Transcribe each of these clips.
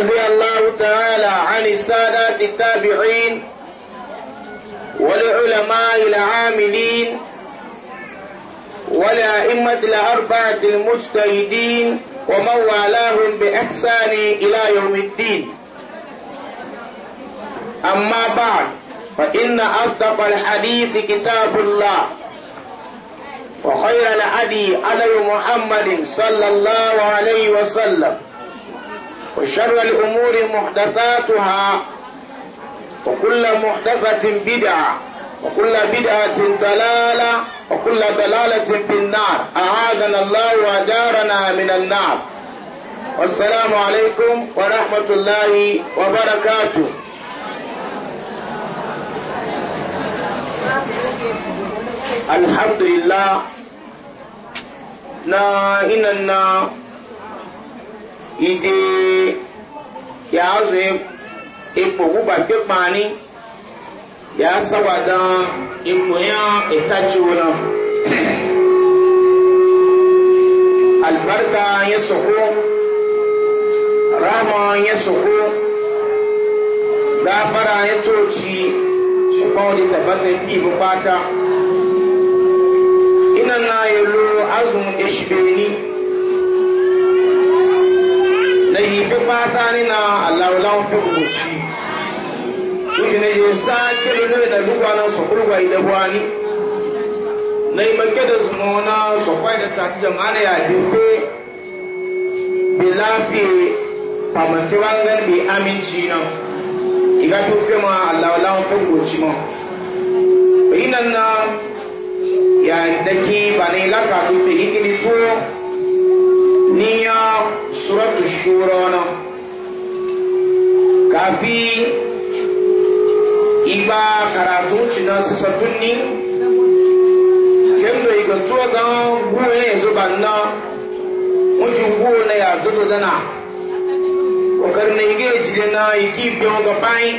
رضي الله تعالى عن السادات التابعين والعلماء العاملين والأئمة الأربعة المجتهدين ومن والاهم بإحسان إلى يوم الدين أما بعد فإن أصدق الحديث كتاب الله وخير الهدي علي محمد صلى الله عليه وسلم وشر الأمور محدثاتها وكل محدثة بدعة وكل بدعة دلالة وكل دلالة في النار أعاذنا الله وأجارنا من النار والسلام عليكم ورحمة الله وبركاته الحمد لله نا إننا ide ya zo ipo guba pe pani ya sawada ipo ya itajuna albarka ya soko rama ya soko gafara ya toci ṣùgbọ́n di tabbata ti bukata ina na yalo azun ishbeni bata ni na alawulawo fi gosi wujine ye saa kelo ne da lugwa na sokuru wa ida wani na yi manke da zumo na sokwa da sati jam'ana ya befe bi lafiye pamafi wangan bi aminci na iga fi fi ma alawulawo fi gosi ma bayinan na ya daki ba ne lakatu ta hikini tuwo ni ya suratu shura na kafi igba karatu cina sasatun ni kendo iga tuwa gan guwe ne zuba na wajen guwe na ya zuba dana kokari na ige jire na iki biyan ga bayan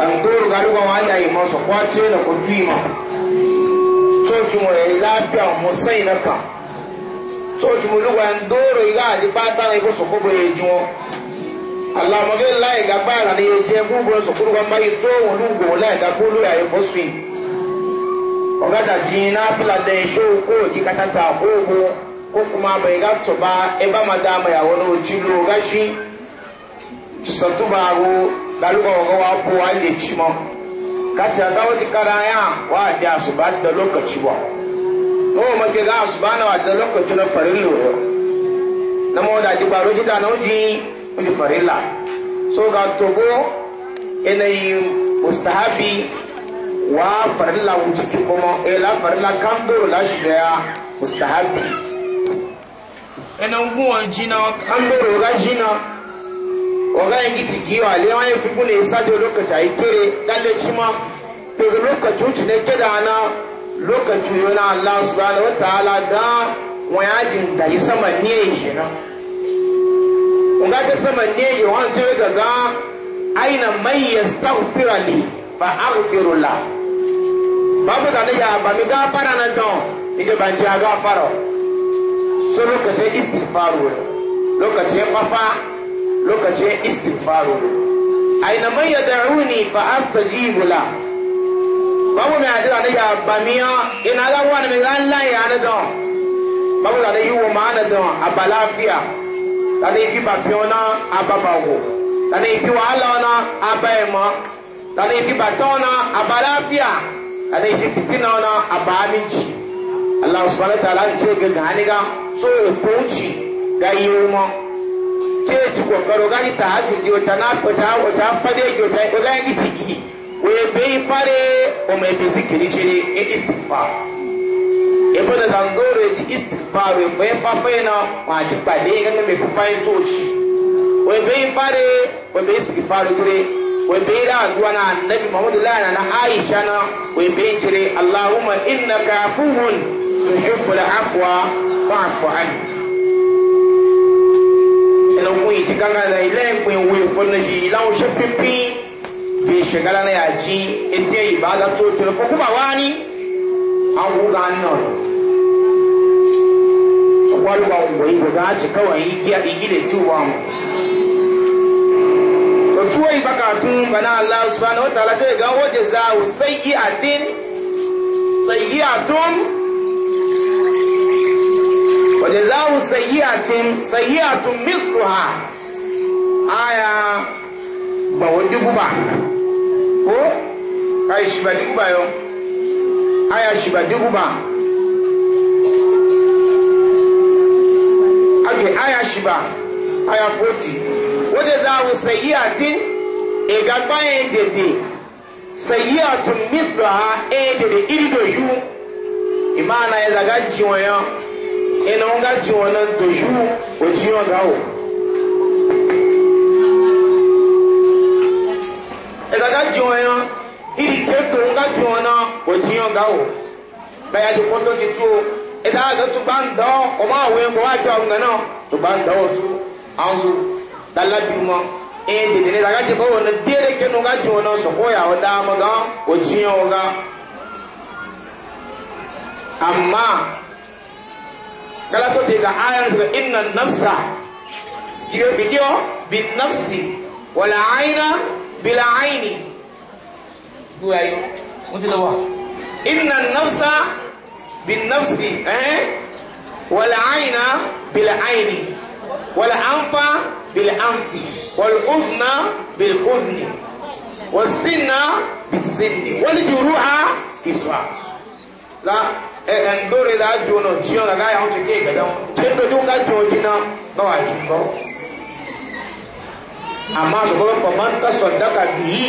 an kowar garuwa wanda yi masa kwace na kutu ima so cin wa ya lafiya musayi na kan church mo lúwa ń dóòrò ìgbà àdìpátá ní ìfọ̀sọ̀kọ́ bọ̀ èjì wọn àlàmọ́gé láìga báyà ní èjì ẹ̀fún bọ̀ sọ̀kọ́ lúwa ń báyé tó òun lúgbò láìga kó lórí àyẹ̀fọ́ sùn ọ̀gádà jìn náà dẹ̀ ṣé o kó òjì kátàtà òògùn kó kuma àmọ̀ ìgá tọ̀ba ẹbá máa dá àmọ̀ ìyàwó náà ojú ló ọ̀gá ṣí tùsọ̀tùbàwò lálùkọ̀ wa bọ̀ wá wọn ma gbẹgà asubana wa dẹrẹ kòtò na farin lòrò na mo da di gbaro ti da na o di farin la so ga togo ena yi mustahafi wa farin la wuti ki kɔmɔ e la fari la kan doro la si bɛ ya mustahafi ena gun wa jina kan doro la jina wa ka yin giti gi wa ale wa ye fi kun de ye sa de lokacin a yi kere dalle ci ma pere lokaci o ne kɛ da na. lokacin yana Allah subhanahu wataala da wayajin da yi sama ne shi na unga ta sama ne yi wani ce ga ga aina mai ya staghfira ba fa aghfiru la babu da ne ya ba mi ga fara na don ije ban ji ga fara so lokacin istighfaru lokacin fafa lokacin istighfaru aina mai ya da'uni fa astajibu la babu mai adira ne ya bamiya ina ga wani mai ran lan ya ne don babu da yi wo ma ne don abalafiya da ne fi babiyo na ababawo da ne fi wahala na abaimo e da ne fi bato na abalafiya da ne fi fitina na abaminci Allah subhanahu wa ta'ala ce ga gani ga so kunci e ga yi mo ce ci kokaro ga ita hajji ta na fata wata fade ki wata ga yi tiki webe ipare ọmọ ebe zikiri jiri e istighfar ebe da zangore di istighfar webe fafe na ma ji pàdé gẹ́gẹ́ bí fafe tó ci webe ipare webe istighfar jiri webe ira aduwa na annabi muhammadu lana na aisha na webe jiri allahumma innaka afuwun tuhibbul afwa fa'fu anhu ẹnìkún yìí ti gángan ilé ìpín òwe ìfọ́nà yìí láwọn ṣe pínpín bi shagala na ya ji ite ibada to to ko kuma wani an guga nan to kwalu ba mu yi guga ci kawai igiya igide tuwa mu to tuwa ibakatun bana Allah subhanahu wataala ta ga waje za sayyi'atin sayyi'atun waje za sayyi'atin sayyi'atun mithluha aya ba wani guba ayi shibadiguba yo aya shibadiguba ake aya shiba aya 40 wode za awu sayyati egagba dede sayyatun mithlaha edede iridoju imana ya zaga jiwoyo ina nga jiwona doju ojiyo o. ezaga jiwoyo ga tuwo na wo tiyo ga wo ba ya di koto ki tuwo ita ga tu ban oh, uh, uh, da o uh, ma wo ngo wa tuwo ngana tu ban da o tu anzu dalla bi mo e de de daga ji ko wona dere ke no ga tuwo na so ko ya o da ma ga wo tiyo ga amma kala to te ga ayan ga inna nafsa iyo bidiyo bin nafsi wala aina bila aini duayo wọ́n ti lọ wà. inna nafsa bin nafsi ẹ́n eh? wàlẹ̀ àyìnà bìlẹ̀ àyìnì wàlẹ̀ ànfà bìlẹ̀ ànfì wàlẹ̀ òfìnà bìlẹ̀ òfìnì wàlẹ̀ sínà bìlẹ̀ sínì wàlẹ̀ jùrù ha kìsùà. la ẹ eh, ẹ eh, ndóore la jona jiyan la k'a y'anw ti ké gẹdẹ wọn tí n dojú ka jọ jina bá wà jù kọ. àmọ́ àsọ̀kọ́ bẹ́ẹ̀ fọ máa ń tasọ̀ dáka bìí.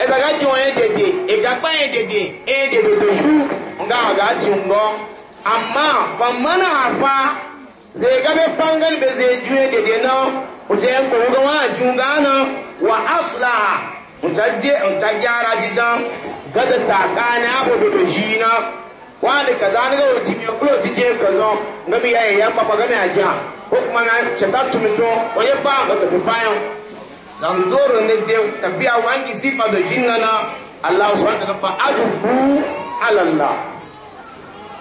ɛsɛ ka dzi wɔn yɛ dede egakpa yɛ dede eye dede dosu nga aga ga ji ama famana fa zega bɛ fanga ni bɛ be dzi yɛ dede na o tɛ nkɔwɔ ka ju ga na wa asula nta di nta jaara di dan gada taa kaa ni abo dodo zi na wani kaza ni ka o ti mi o kulo ti je kaza nga ya yɛ yɛ kpakpa ka mi a o kuma na cɛ ta tumi tɔ o ye ba ka tafi fa yɛ. zandoro ne de tabiya wangi sifa da jinnana Allah subhanahu wa ta'ala fa ala Allah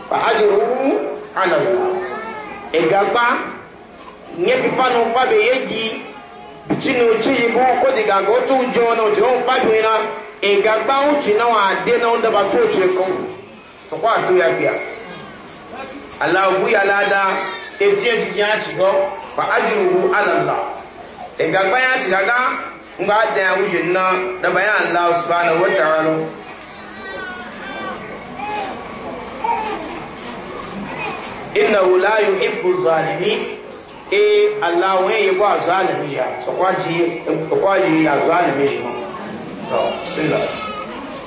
fa ajruhu ala Allah e gagba nye fi panu pa be yeji bitinu chiyi bu ko di otu ujo na ujo pa bi na e gagba na wa de na unda ba tu uche ko so ya bia Allah bu ya lada e ala Allah ìgbàgbá yà ti gàgá ńgbà dẹ̀ àwùjọ iná na yà ńlá òṣùpá náà wọ́n tàrà inna wula yu ibu zalimi e alawun yi kwa zalimi ya kwaji ya zalimi shi to sila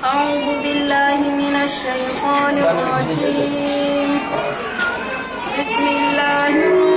أعوذ بالله من الشيطان الرجيم بسم الله الرحمن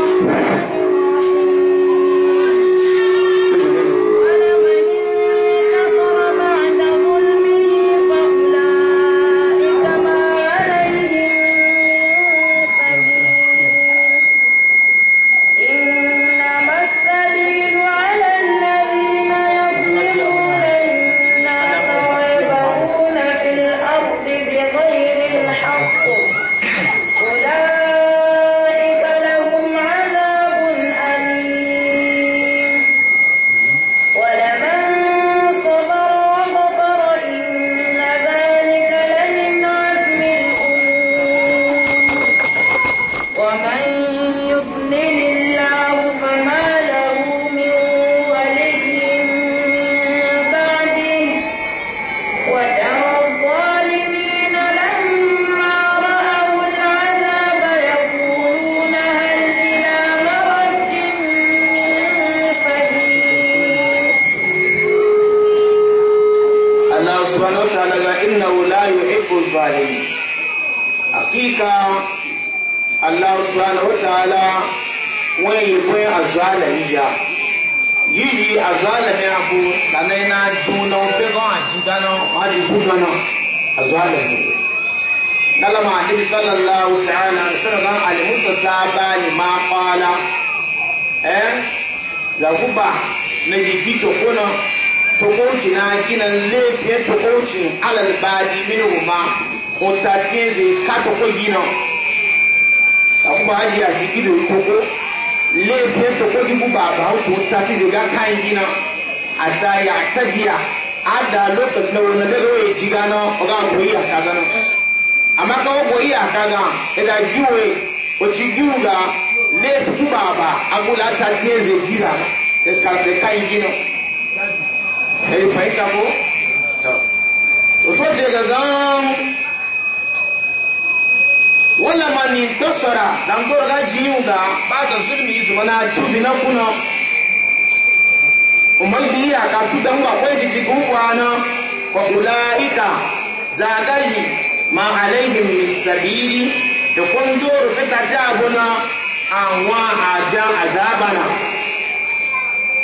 الظالمين حقيقة الله سبحانه وتعالى wọ́n yìí pé àzọ́àlẹ̀ yìí yá yíyí àzọ́àlẹ̀ ní abo lànà iná dùn náà pé kọ́ àjí dáná wọ́n á ti fún dáná àzọ́àlẹ̀ yìí. Dálọ́mà àdébí sọ́lọ́lá òkè àná sọ́dọ̀ tokoti na gina lefiyar tokoti alal badi min ma mutatiye zai ka toko gina a kuma aji a jiki da toko lefiyar toko gibu ba ba hutu mutati zai ga kayan gina a da ya ta giya a da lokacin e da wani daga wani ji gana oga goyi a kaga nan amma kawo goyi a kaga ida giwe oci giwu ga lefi ba ba agula ta tiye zai gina da e kayan e gina kai fahimta ko to to so ce ga zan wala mani tasara dan dor ga jiniu ga zulmi zuma na tubi na kuna umar biya ka tudan ba kwai jiji gungwana wa ulaika zagayi ma alaihim min sabili da kun doro fita jabuna àwọn àjà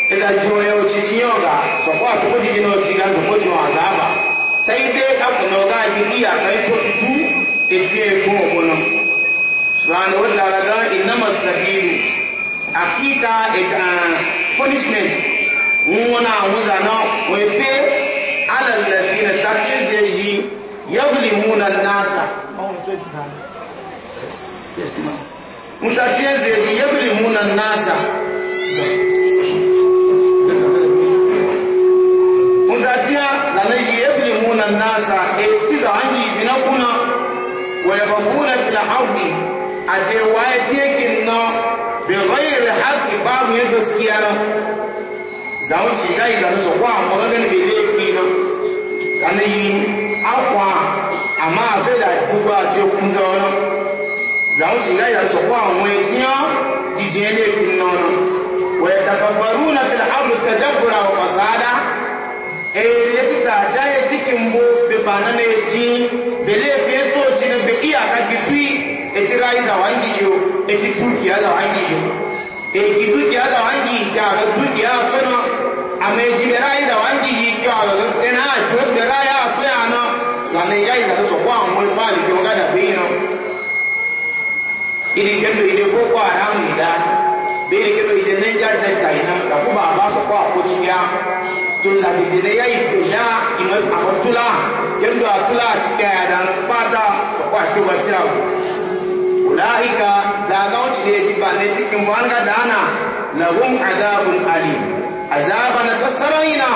daga jiwon yau cikin yau ga kwakwa ta kudi gina wacce ga ta kudi wa zaba sai dai aka nauga ni iya kai to tu ije ko mun subhanahu wa ta'ala ga innama sabilu hakika ita ah, punishment wona wuza na wepe ala alladhina takizeji yadhlimuna an-nasa mutatiyezeji yadhlimuna an-nasa الناس افتزعن بنبنا ويبقون في الحرب أتي وايتيكنا بغير الحق باب يدسكيانا زاون شيغاي زاون سوكوا مغان بيليفينا كان يي أقوى أما أفيدا دوبا تيوكم زاونا زاون شيغاي زاون سوكوا ويتيا جيجيني بنونا ويتكبرون في الحرب التجبر وفسادا إيه يتتاجاي ba na ne ji bele be to ji be iya ka gitui eti rai za wangi jo eti duki ya za wangi jo e ki duki ya za wangi ya ga duki ya tsana ame ji be rai za wangi ji jo ga ne na jo be rai ya to ya na la ne ya za so kwa mo fa li jo ga da be no ili kendo ile ko kwa haram ni da be ile kendo ile ne ja da kai na ka kuma ba so kwa ko ti ya to za de ne ya i ko ja i mo akotula kendo atula ati kaya da nkpata sokwa ati kwa ti awo ulaika za a wuce da yake ba ne cikin wani ga dana na hun azabun ali azaba na tsarayi na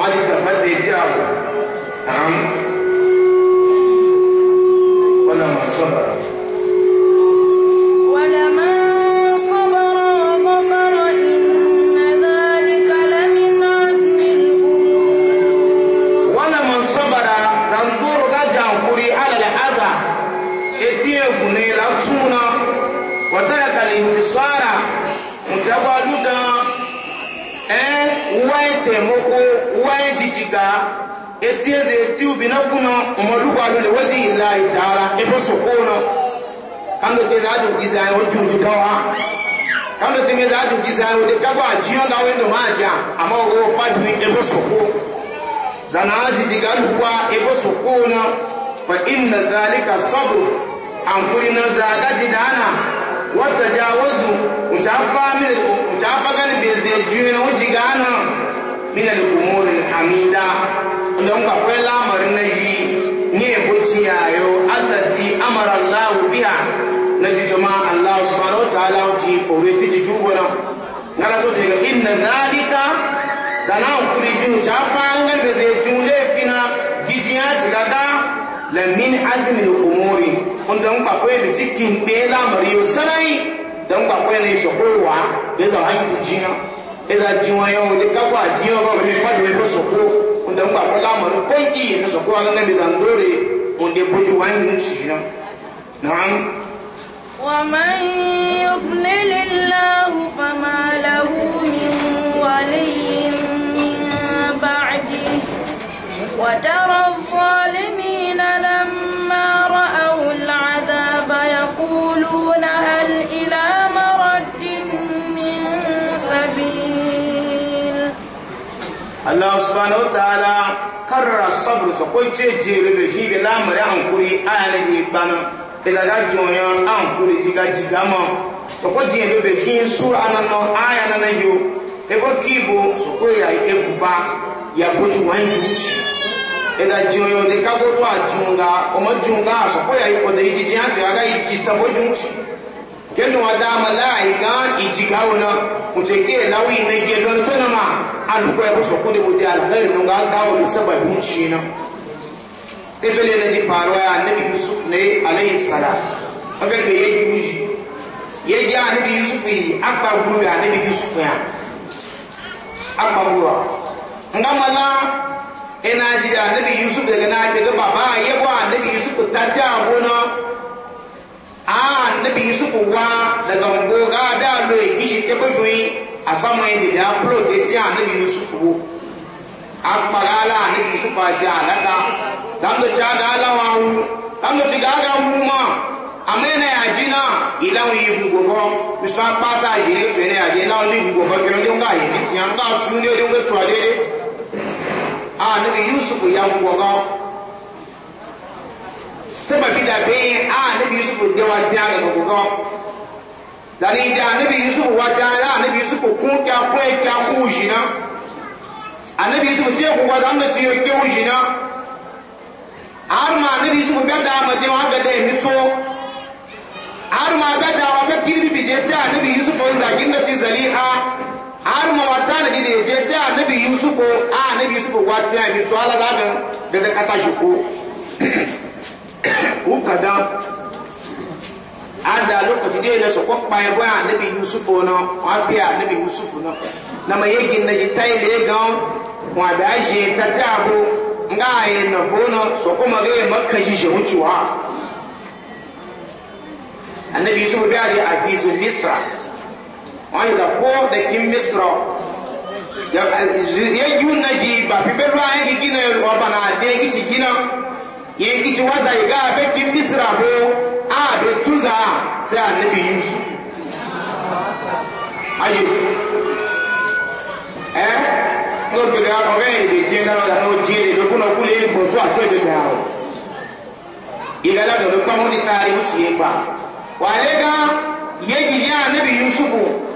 wani tabbata ya ji ku. ga eti eze eti ubi na kuno umaluwa lule wati ila itara ebo sokono kando te za adu giza ayo ju ju kawa kando te za adu giza ayo de kago ajiyo ga wendo maja ama ogo fadu ni ebo soko zana aji jigalu kwa ebo sokono fa inna dhalika sabru ankuri na zagaji dana wata jawazu utafa mi utafa gani bezejuwe na ujigana mina da umurin hamida don akwai lamarin na yi ne buci yayo allati amara allah biha na ji jama'a allah subhanahu wa ta'ala ji fore ti ji jugona ngala to ce ga inna zalika da na kuri jin shafa ngan da zai jule fina gijiya ci gada la min azmi umuri don akwai da cikin be lamari yo sanai don akwai ne shokowa da eza jiwa yau da kafa a jiwa ba wani fadi wani soko wanda ba ko lamarin kwanki na soko a nan da zandore wanda buji wani yin shi nan na'am ومن يضلل الله فما له من ولي subhanahu wa ta'ala karra sabru so ko ce jere da shi da lamari hankuri aya ne ke gbana da ga joyan hankuri diga jigama so ko jere da shi sura nan no aya nan yo e ko kibo so ko ya e buba ya ko ju wan yuci e da de ka ko to ajunga o ma junga so ko ya e ko da ijiji an ti aga yi sabo junci kenu adama mala igan ijigawo na muteke lawi ne ge don aluko ya kusa kude bude alkhairi nun ga dawo bi sababin shi na ita ne nake faruwa ya annabi yusuf ne alayhi salam aga da yayi yuji yayi ya annabi yusuf yi akpa guru ya annabi yusuf ya akpa guru ngamala ina ji da annabi yusuf daga na ke ga baba yabo annabi yusuf ta ta abuna a annabi yusuf wa daga ngoga da lo yi shi ke asamu yi da bulo te ti annabi yusuf wo akpara ala annabi yusuf aje alaka dando ti aga alawa wu dando ti ga aga wu ma amene aji na ilawun yi gbogbo misu akpata yi ne tu ne aje na oli gbogbo kiri ndi nga yi titi ya nga tu ndi odi nga tu adede annabi yusuf ya gbogbo sɛba bi da bɛn a annabi ti aga gbogbo zani da annabi yusuf wata na annabi ah, yusuf kun kya kun kya ku jina annabi yusuf ce ku ba zan da ci yo ke jina har ma annabi yusuf ba da ma je wa ga da ni to har ma ba da wa ba kirbi bi je ta annabi yusuf on zagin da fi zaliha har ma wata da je je ta annabi yusuf a annabi yusuf wata ni to ala da da da kata shi ko ku ada lokaci dai na su e kwakwa ya gwaya annabi yusuf na kwafiya annabi yusuf na na ma yegi na ji tai da e ga wa da shi ta tabo nga yi e na bono so kuma ga yi makka shi shi wucewa annabi yusuf bi ali azizul misra wa iza ko da kin misra ya yi yun na ji ba fi belo an yi gina ba na de gici gina yi gici waza ga fe kin misra ko a da tuza sai annabi yusuf ayi eh no bi da ro gai de je na da no je de ko no kule ko so a che de da ro ila la do pa mo ni tari mu ti pa wa le ga ye gi ya annabi yusuf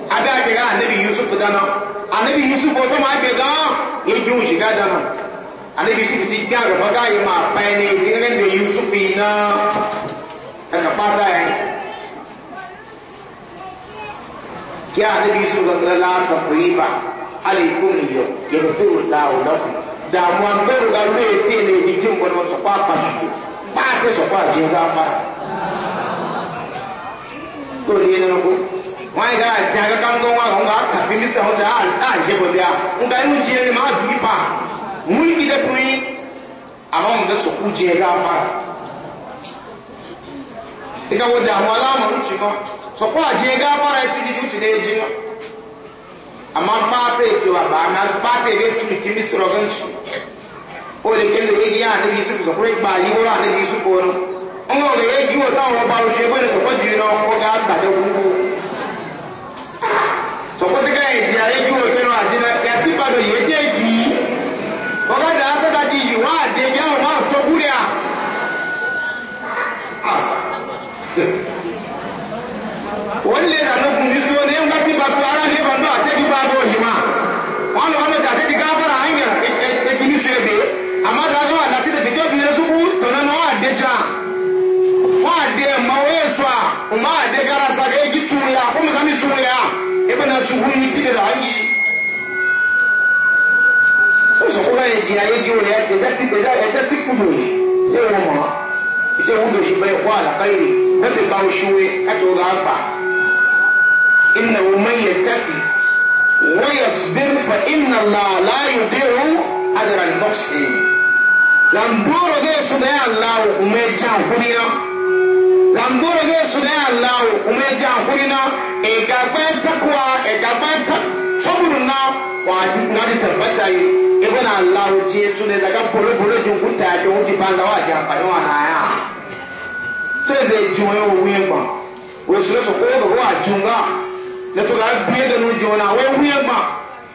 ada ke ga annabi yusuf da na annabi yusuf to ma be ga ye ju shi ga da na annabi yusuf ti ga ro ga ye ma pa ni ni daga fata ya kí àdébí sọ̀rọ̀ láàbà kò yí bá alaikum yau yaghfiru Allahu lakum da mu da ruga ruwe ne jijin wani wasu kwafa su ba ta su kwa je gafa to ne na ko wani ga jaga kan gon wa ga ta fi misa wata a je bo biya un ga mu je ne ma duki pa mu ki da kuni amma mu da su ku je gafa iga wo damuwa lamarin ci ma so ko aje ga fara ti ji juti da ji ma amma ba fe ti wa ba na ba fe be ti ki mi soro gan ci o le ke le ya ne bi su so ko ba yi wo na bi su ko no on go le ji wo ta wo ba o se bo ne so ko ji no ko ga ta de wu so ko ti ga wolle da no gundi to ne ngati batu ara ne bando ate di bado hima wono wono da te di gafara anya e bini se be amma da zo ala te de to bi su bu to na no ade ja wa de ma we to a ma de gara sa ge gi tu ya ko ma mi tu ya e bana tu hu ni ti da angi o so ko la e إنه من يتقي ويصبر فإن الله لا يضيع أجر المحسنين lamboro ge suda ya lawo umeja hurina lamboro ge suda ya lawo umeja hurina e gagba takwa e gagba ta soburu na wa di na di tabbata yi e bana lawo je tune daga polo polo jun kuta ke wuti banza wa ja fa wa na ya so ze juwe wo wi ngba wo sure so ko do wa junga na to ga biye da nun jona wai wuyan ma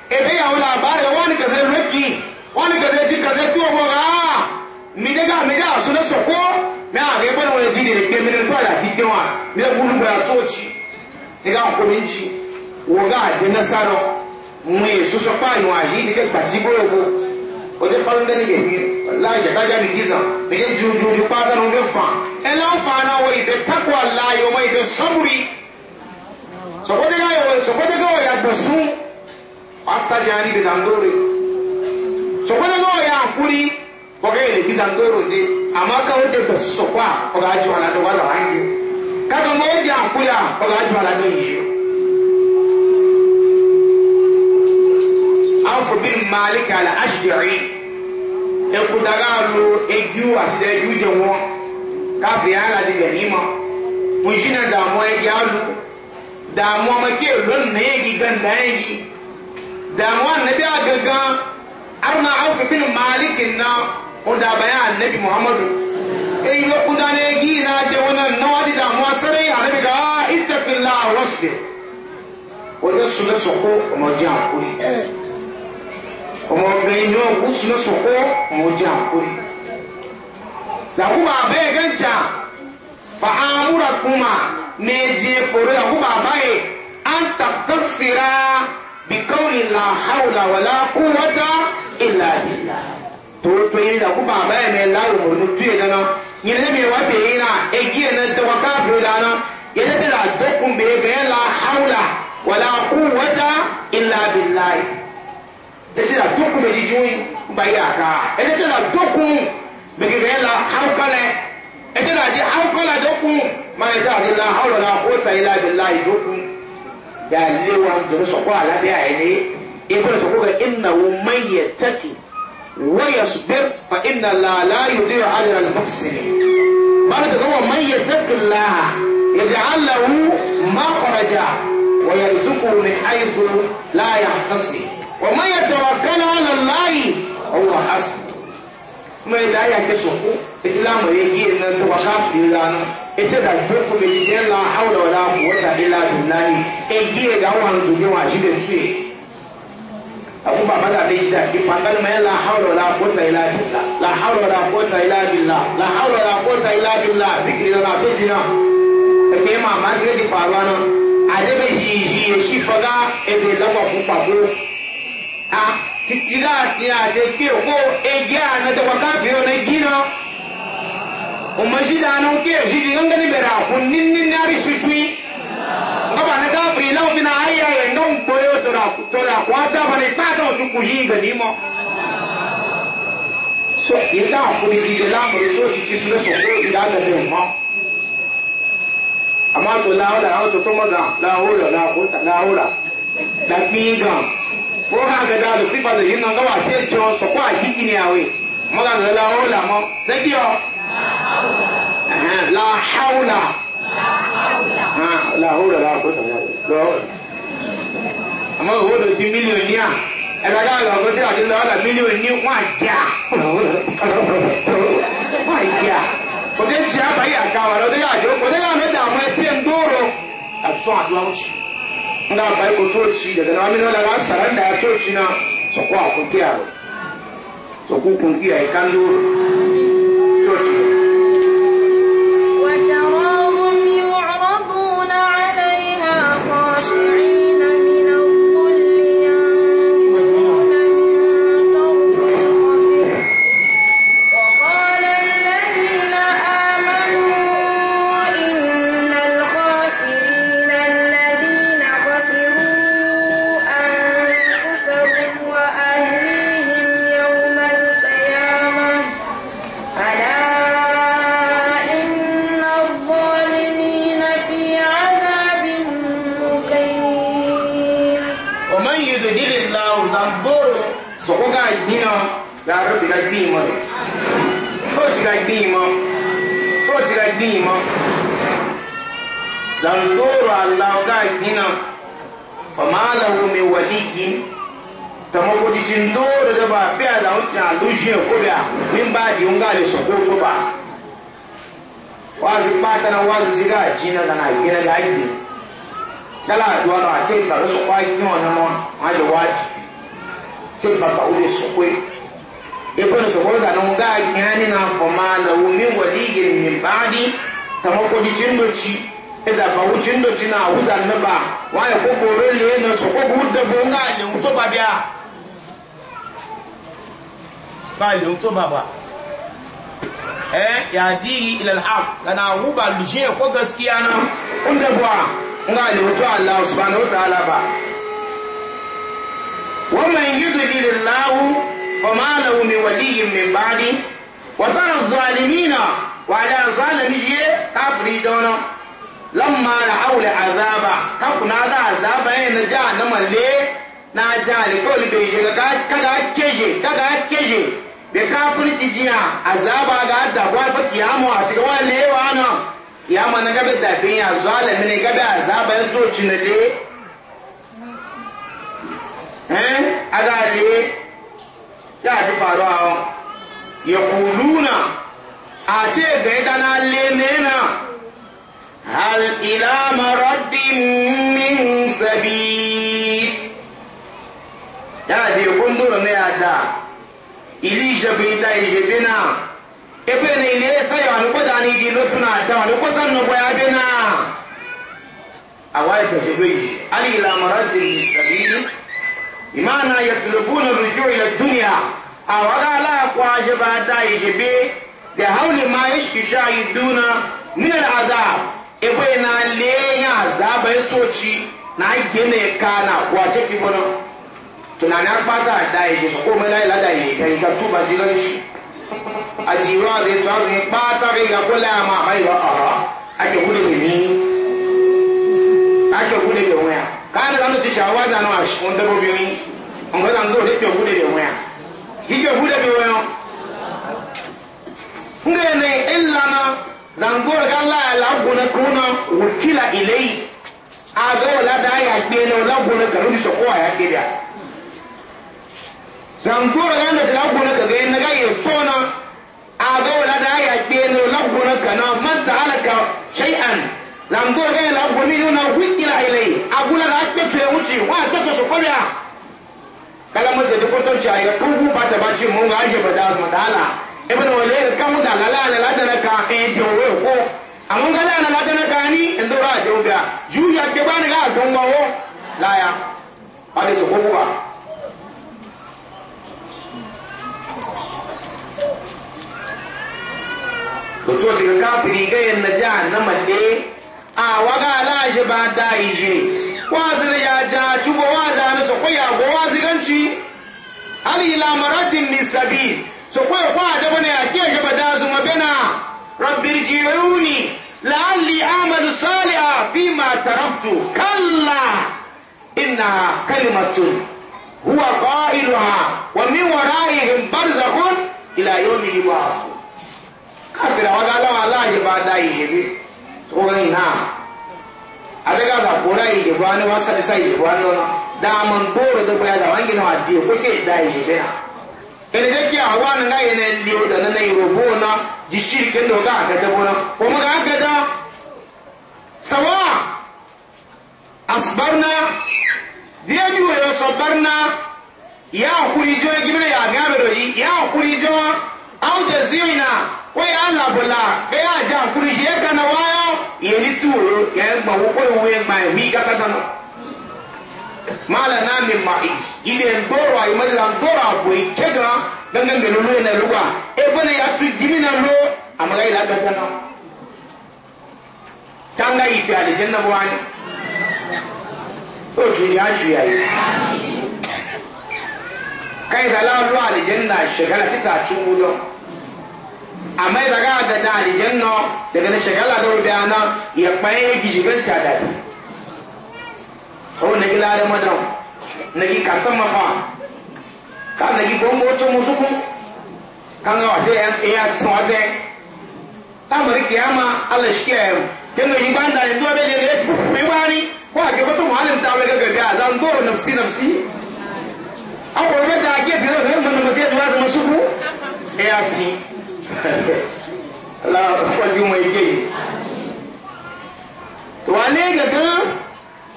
ebe ya wala bare wani ka zai raki wani ka zai ji ka zai tuwa ko ga mi daga mi da su na soko na ga ba na wani ji ne ke mi da to da ti kewa mi da bulu ba to ci daga ko min ji wo ga de na saro mu e su so pa no aji ti ke pa ji fo ko o de ni ni la ja ka ja ni giza mi ke ju ju ju pa da no ge fa e la sọkọdé yà yọ sọkọdé kọ yà gbẹsùn wàsájà ní bizandore sọkọdé kọ yà nkúri kọkẹ yẹ lè bizandore de àmọ káwọn tẹ gbẹsùn sọkọ à ọgá àjọ àlàdé wà làwọn àjò kátó mọ ẹjẹ ànkúri à ọgá àjọ àlàdé yìí awfo bin malik ala ashjari ekutara lo eju àti dẹ eju jẹ wọn káfíńyà aládìgẹ ní mọ damuwa make lon na yi gigan da ya yi damuwa na biya gangan har ma aufi bin malikin na wanda bayan annabi muhammadu in yi kuda na ya gi na da wannan na wadi damuwa sarai annabi ga ittaqilla wasbir wanda su na soko ma ji hakuri ọmọ ọgbẹ̀yìn náà kú su na soko ma ji hakuri làkúbà abẹ́ gẹ́ńtà fa'amura kuma ne je foro da kuma baye an tafsira bi kauli la haula wala quwwata illa billah to to yin da kuma baye ne la mu nu tuye da na yin ne me wa be ina e gi na da wa ka bi da na ya da da dokun be ga la haula wala quwwata illa billah da shi da dokun be ji juyi ba ya ka e da da ẹjẹ́ náà jẹ́ àkọ́lá jókun máa ń sáà nílá ọ̀rọ̀ náà kó ta ilá ìlà ìjókun yà lé wa jòrò sọ́kọ́ àlábẹ́ àyẹ̀lé ìbọn sọ́kọ́ kẹ́ ìnà wo mẹ́yẹ tẹ́kì wọ́yẹ ṣùgbẹ́ fa ìnà làlá yòlé àdìrà lè mọ́tìsìnì bára tó kọ́ mẹ́yẹ tẹ́kì là yẹ̀dẹ̀ àlàwù má kọ̀rọ̀jà wọ́yẹ ìzúkú mi àìsù láyà àtàsì wọ́n mẹ́yẹ tẹ̀wọ̀ kálá àlọ́ láyì ọwọ́ àṣì mẹ́yẹ dáyà kẹ́ sọ́kọ́ islam yi yi na to waka fira no ete da gbeku me yi la hawla wala quwwata illa billahi e yi e ga wan to ge wa jibe tue aku baba da be jida ki pangal me la hawla wala quwwata illa billah la hawla wala quwwata illa billah la hawla wala quwwata illa billah zikri la fe dina e ke ma ma gre di farwa no ade be yi yi e shi faga e ze la kwa ku papo ah titira ti a se pe o ko e ge anadọwọ káfíọ́ na gí náà o ma si daanu ke si si ngani bera ko ninni nari si tui ngaba na da pri na mina aya ye ndon boyo to ra to ra ko ata ba ni pa to tu ku yi gani mo so ita ko di di la mo to ti ti su so ko di da da mo amma to la ola ha to to maza la ola la kota la ola la pinga ko ha ga da sifa da yin nan ga wa ce jo so ko a kikini awe mo ga la ola mo sai ki yo la hawla la hawla la kó sàmì àgbẹ̀ àmọ́ owó ló ti mílíọ̀nù ní à ẹ̀ka ká lọ ọ̀gbọ́n tí a ti lọ ọ̀là mílíọ̀nù ní wọ́n àjà wọ́n àjà òde tí a bá yà ká wà lọ́dẹ́ yà jọ òde yà mẹ́ta àwọn ẹtí ẹ̀ ń dóró àtúntò àdúrà ó ti nga abai ko toci daga na amina da saran da ya toci na so ko akun kiya so ko kun kiya Thank you. gbiima tɔɔti ka gbiima landooro alaw gaa gbina famaala wumi wali yi tama kodi si ndooro de ba fi a law tia luzie ko bia min baa di nga le sɔn koo to ba waazi kpaata na waazi si gaa gyiina na na gbina gaa gbi dala a do a na a te ba lɔsɔ kɔ a gbi mo a ma jɛ waaji te ba ba o ikon su ko ga yani na fama na wumi waliyin min badi tamako di cindoci eza na wuza naba ko le na so ko gudda bo nga le so ba bia ba le so ba ba eh ya di ila al haq kana wuba ko gaskiya na unda bwa nga le Allah subhanahu wa ta'ala ba فما له من ولي من بعدي وترى الظالمين وعلى ظالم جيه كافري دونا لما رأوا العذاب تكون هذا عذاب نجا نملي نجا لكل بيجي كذا كيجي كذا كيجي بكافرتي جيا عذاب قاعد دعوة بكيامو أتقوى ليه وانا ya ma na gabe da bin ya zuwa da mini gabe a zaben toci na le eh aga le ya ji faruwa ya kuluna a ce ga ya lenena hal ila maraddin min sabi ya ji kundura ne ya da ili jabi ta ije bina ebe na ile sayo anu kwada ni di lotu na da anu kwasan na kwaya bina a waye ta shi bai ali ila maraddin min sabi imana yatlubuna rujuu ila dunya awaga la kwa jibada yijibi bi hawli ma yashshayiduna min al azab ebe na le ya azaba etochi na gene kana kwa chefi bono tunani akpata da yiji so ko mela ila da yiji kan ka tuba dilan shi ajiwa de tawi pata bi ga kola ma bai wa aha ake gudu ni ake gudu ga waya kana zanu ti shawa zanu a shon da bobi ni on ga zanu da fiye gude da waya kike gude bi waya nge ne illa na zango la la gona kuna wakila ilai a ga wala da ya gbe ne la gona kanu di sokowa ya gbe da zango ga na la gona ka ga ne ga yi tona a wala da ya gbe ne la gona kana na ngoro ga la gomi yo na hu ila ile agula na akpete wuti wa akpete so kobia kala mo de ko to cha ya kubu pata ba chi mo ga je da ma dala ibn wale ka mo da la la la da ka e de we ko amon ga la la da ka ni ndora je obia ju ya ke ba ni ga do wa wo la ya ba de so kubu ba Lotuwa cikin kafiri ga yin na jihar na malle a waga alaje ba da ije wazir ya ja jubo waza na so koya go waziganci hali ila maradin min sabil so koya da bane ya shi je bada zuma bena rabbir ji'uni la'alli a'malu salihan fima taraktu kalla innaha kalimatun huwa qailuha wa min wara'ihim barzakhun ila yawmi kafira ba da kogai na a daga da kora yi ke bani wasa isa yi bani wani da boro da baya da wangi na wadi ko ke da yi ke na ene da kiya hawa na ngai na liyo da na yi robo na ji shirkin da ga ga da bona ko mu ga aka da sawa asbarna diya ju yo sabarna ya kuri jo ya ga do yi ya kuri jo au zina kóyè alàbòlà bẹ́ẹ̀ àjà àkúrìjì ẹ̀ kan náà wáyọ̀ yẹni tí wòlò yẹn gbà wò kóyè wòye gbà yẹn mí gàtà dáná. mala náà mi mà ì yìí ẹ̀ ń gbọ́rọ̀ àyè mọ́lẹ̀ là ń gbọ́rọ̀ àbò yìí kẹ́gàn gángan mélòó lóyè náà lówà ẹ a yà tu jìmí náà ló àmàlà yìí lágbà dáná. táǹgà yìí fi àlejò náà wáyé ó ju yà á ju yà yìí. káyìí dàlá lọ àlejò náà ṣẹ̀gálà títà àtúwò lọ amma da ga da da alijan no daga na shagala da rubi ana ya kpaye gijigan ta da ko na gila da madan na gi katsan mafa ka na gi to musuku kan ga wata ya ya tsan wata tamari kiyama Allah shi kiyaye kenno yi banda ne duwa be ne ne mi wani ko a gaba to muallim ta wai ga ga zan doro nafsi nafsi an ko da ke bi da mun mun da duwa zama suku ya ti la fɔju ma ike yi to wa ne gangan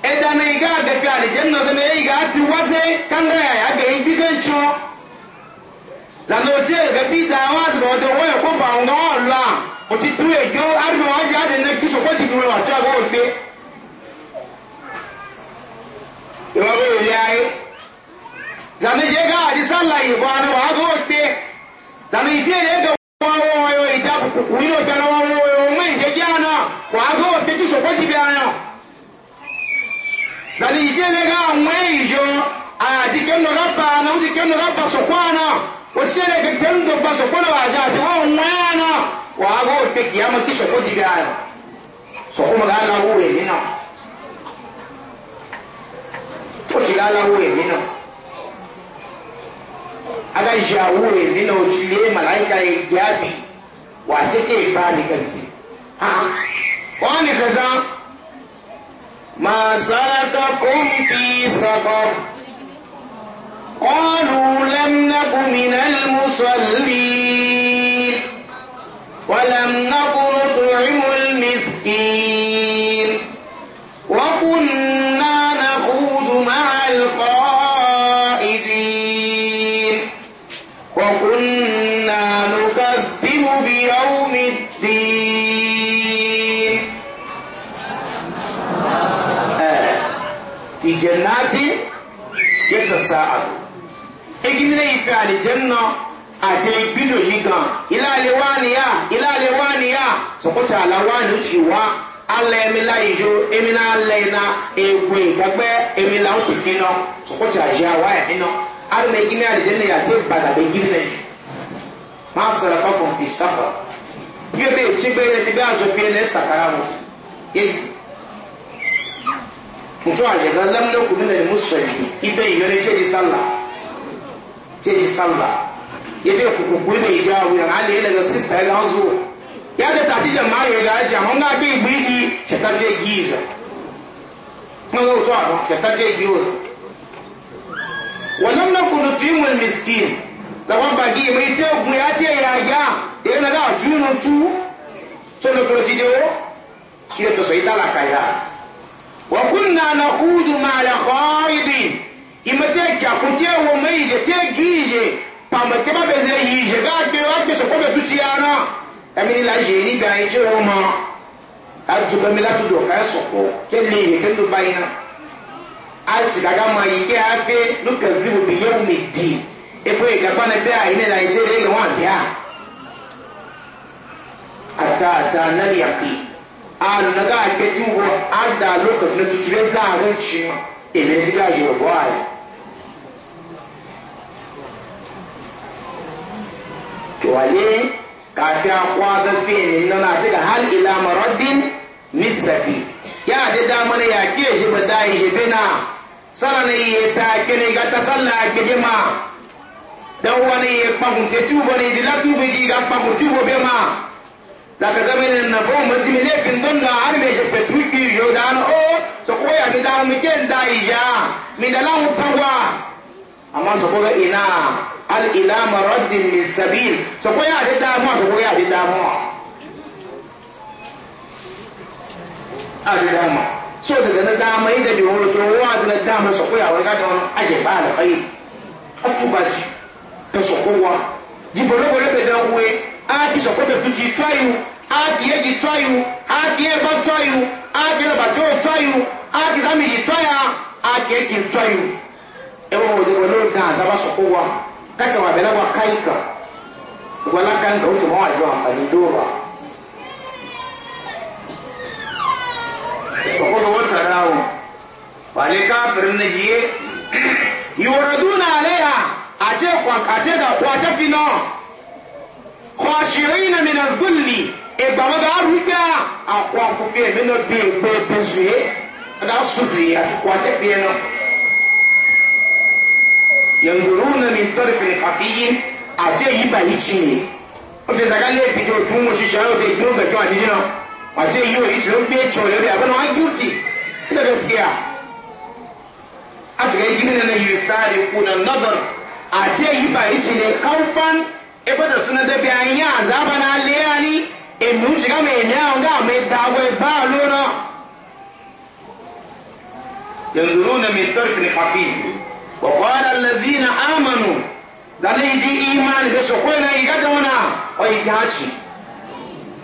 ɛda na yi ka gafi alijanna to na yi ka ti wate kanga ya ya ga yi bi kan tso zando ti yɛ gafi da wa zɔrɔ o de ko ba ŋa o la o ti tu yɛ jo ari ma wa ja de ne kiso ko ti duro wa tɔ ko gbe ìwà wo yɛ ya ye zando yɛ adi sa la yi bɔ ani wa ko gbe zando yi ti yɛ ga wọ́n wọ́n yọ ìjà kùkù nínú ìbẹ̀rẹ̀ wọn wọ́n yọ ọmọ ìṣẹ́jẹ́ àná wàá gbọ́ òfin sọ̀kọ́ ti bẹ̀rẹ̀ àná. Zàlì ìdí ẹlẹ́gà àwọn èèyàn àti kẹ́nu rábà àná ó ti kẹ́nu rábà sọ̀kọ́ àná ó ti ṣẹlẹ̀ kẹ́kẹ́ ń dọ̀gba sọ̀kọ́ náà àjà àti wọ́n wọ́n àná wàá gbọ́ òfin kìí àmọ́ kí sọ̀kọ́ ti bẹ̀rẹ̀ àná sọ̀kọ́ mọ̀ láláwó rẹ̀ mí náà aga jawure nina ojile malaika ya ijabi watike ibali kazi ha kwani kaza ma salakakum fi saqar قالوا لم نك من المصلين ولم نك نطعم المسكين tasa'alu egini ne ife alijanna àti gbídò yìí gan ilé àlewá nìyà ilé àlewá nìyà sọkúta àlàwá ni ó ti wá alẹ ẹmi láyé yo ẹmi náà lẹ iná egbò ìgbàgbẹ ẹmi là ó ti fi nọ sọkúta àjẹ àwa ẹmi nọ alẹ egini alijanna yàtí bàtà bẹ gidi nẹ máa sọrọ fọkàn fi sáfà bí o bẹ ti gbé ẹni bí azọ fi ẹni ẹ sàkárà wọn mutu a yɛlɛ lamina kunu na emu sɔ yi ibɛ yi yɛlɛ tse di sala tse di sala yɛtɛ kukuku ne yi ya wuya ali yɛlɛ ka sista yɛlɛ an zuwo yɛlɛ ta ti jɛ maa yɛlɛ ka jɛ ahɔn k'a bɛ yi gbi yi kɛta tse yi zɛ kumaka mutu a dɔn kɛta tse yi o wa kunu fi mu misiki laban bagi yi ma yi tse gun ya tse ya ya yɛlɛ ka ju nu tu so ne kɔlɔsi de o wakunna na hudu ma ya khaidi imate kya kutie wo meije te gije pamba te ba beze yije ga be wa be so ko be tutiana emi la je ni ba je o ma atu ba mi la tu do ka so ko ke li ni ke do bayina ati daga ma yi ke afi no ka bi bi ye ine la je le wa bia ata a na ga ake tubo a da lokacin na tutube laranci ina ji gaji wa buhari wale kafi akwa zafi ne na na cika hal ila maraddin nisafi ya da mana ya ke shi ba da yi shi na sana ne ya ta kene ga ta sallah ke ma. dan wani ya kpagun te tubo ne di la tubo di ga kpagun tubo be ma daga zamanin na fo mati mi ne fin don da har me je petu ki yo da na o so ko ya mi da mi da ija mi da lan tawa amma so ko ga ina al ila maraddin min sabil so ko ya da mu so ko ya da mu a da mu so daga na dama yi da biyu to wa na dama so ko ya wa don aje ba da kai akubaji ta so ko wa jibolo bolo be da we a ki so ko be tuji tayu adìẹ di tọ́ yìí adìẹ bá tọ́ yìí adìẹ bàtọ́ tọ́ yìí adìẹ sami di tọ́ yà adìẹ di tọ́ yìí ẹwọ òde wọlé o dàn sábà sọkó wa kàtà wà bẹ̀rẹ̀ wà káyì kan wọlé káyì kan o tún wọn àjọ àǹfààní dóòrà. sọkó ló wọ́n tẹ̀lé àwọn ìgbà wọn bá rú gbà àkó àkófí ẹ̀mí náà bí ìgbé ebèzù yé ẹ̀dá sùfì àtìkú àtẹ̀fì ẹ̀ náà. yẹ̀ndùrú náà ní tọ́lẹ̀ fèrè fàfi yí àti èyí bà yí tì yìí. ó fi ìdàgá lé ìpìtì òtún mo ṣiṣẹ́ àwọn òfin ìgbìmọ̀ bẹ̀tọ̀ àdíjì náà àti èyí òyì tí ó gbé tsọ̀ lórí àbẹ̀nà wọn gíwùtì nílẹ̀ bẹ́ẹ̀ sìkìyà. àtìkẹ́ yìí nínú ẹ̀ yìí sáré àti èyí bà èmi ń tìka mi ìyá ọ̀gá mi dáwọ́ ẹgbà lóra. ينظرون من طرف خفي وقال الذين آمنوا dani di iman be so ko na iga da wana o iga chi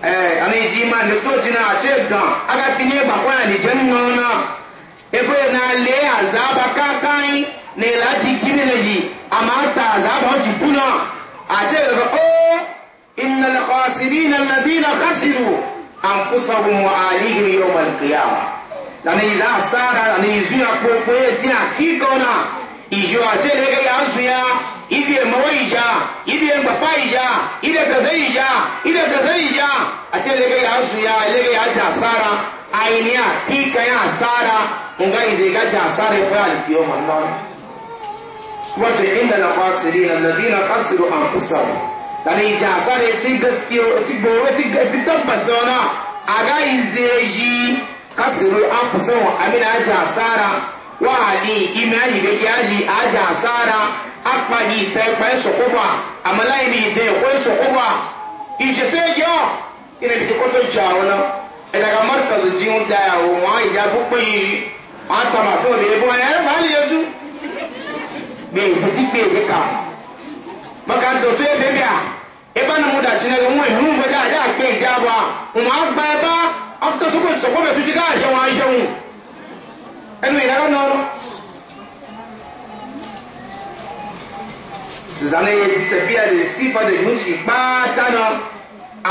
eh ani di iman ne to jina a che ga aga tinye ba kwa ni janna na e ko na le azaba ka kai ne la ji kini ne yi ama ta azaba ji tuna a che ga o oh! إن الخاسرين الذين خسروا أنفسهم وآلهم يوم القيامة لأن إذا أسارا لأن يزوي أكوكو يتنا كيكونا إجوا جلغي أزويا إذا مويجا إذا مبفايجا إذا كزيجا إذا كزيجا أتلغي أزويا إلغي أجا أسارا أينيا كيكيا أسارا ungaize gaja asare fali kiyoma Allah watu inda na khasirin alladhina khasiru anfusahum tani ija asare ti gaskiyo ti gobe ti tabbasa wana a gayin zai ji kasiru an fusan wa amina aja asara wa hali ime ayi be yaji aja asara akpa yi ta ikpa amala imi ide ko eso kuba ije te ina bi ko to ja wana ina marka zu ji un da yawo wa ija bu pe yi ma ta ma so le bo ya ba le yezu be ti ti ka maka dɔtɔ yɛ bɛbi a eba na mo da kyinɛ yɛ mo ehun mo gya yɛ akpɛ gya bɔ a mo agba eba akutɛ sɔgbɔ sɔgbɔ bɛ tuti kaa yɛ wɔn ayɛ wɔn ɛnu yɛ ka nɔ zane yɛ tɛbi a de si fa de nu si kpaata nɔ a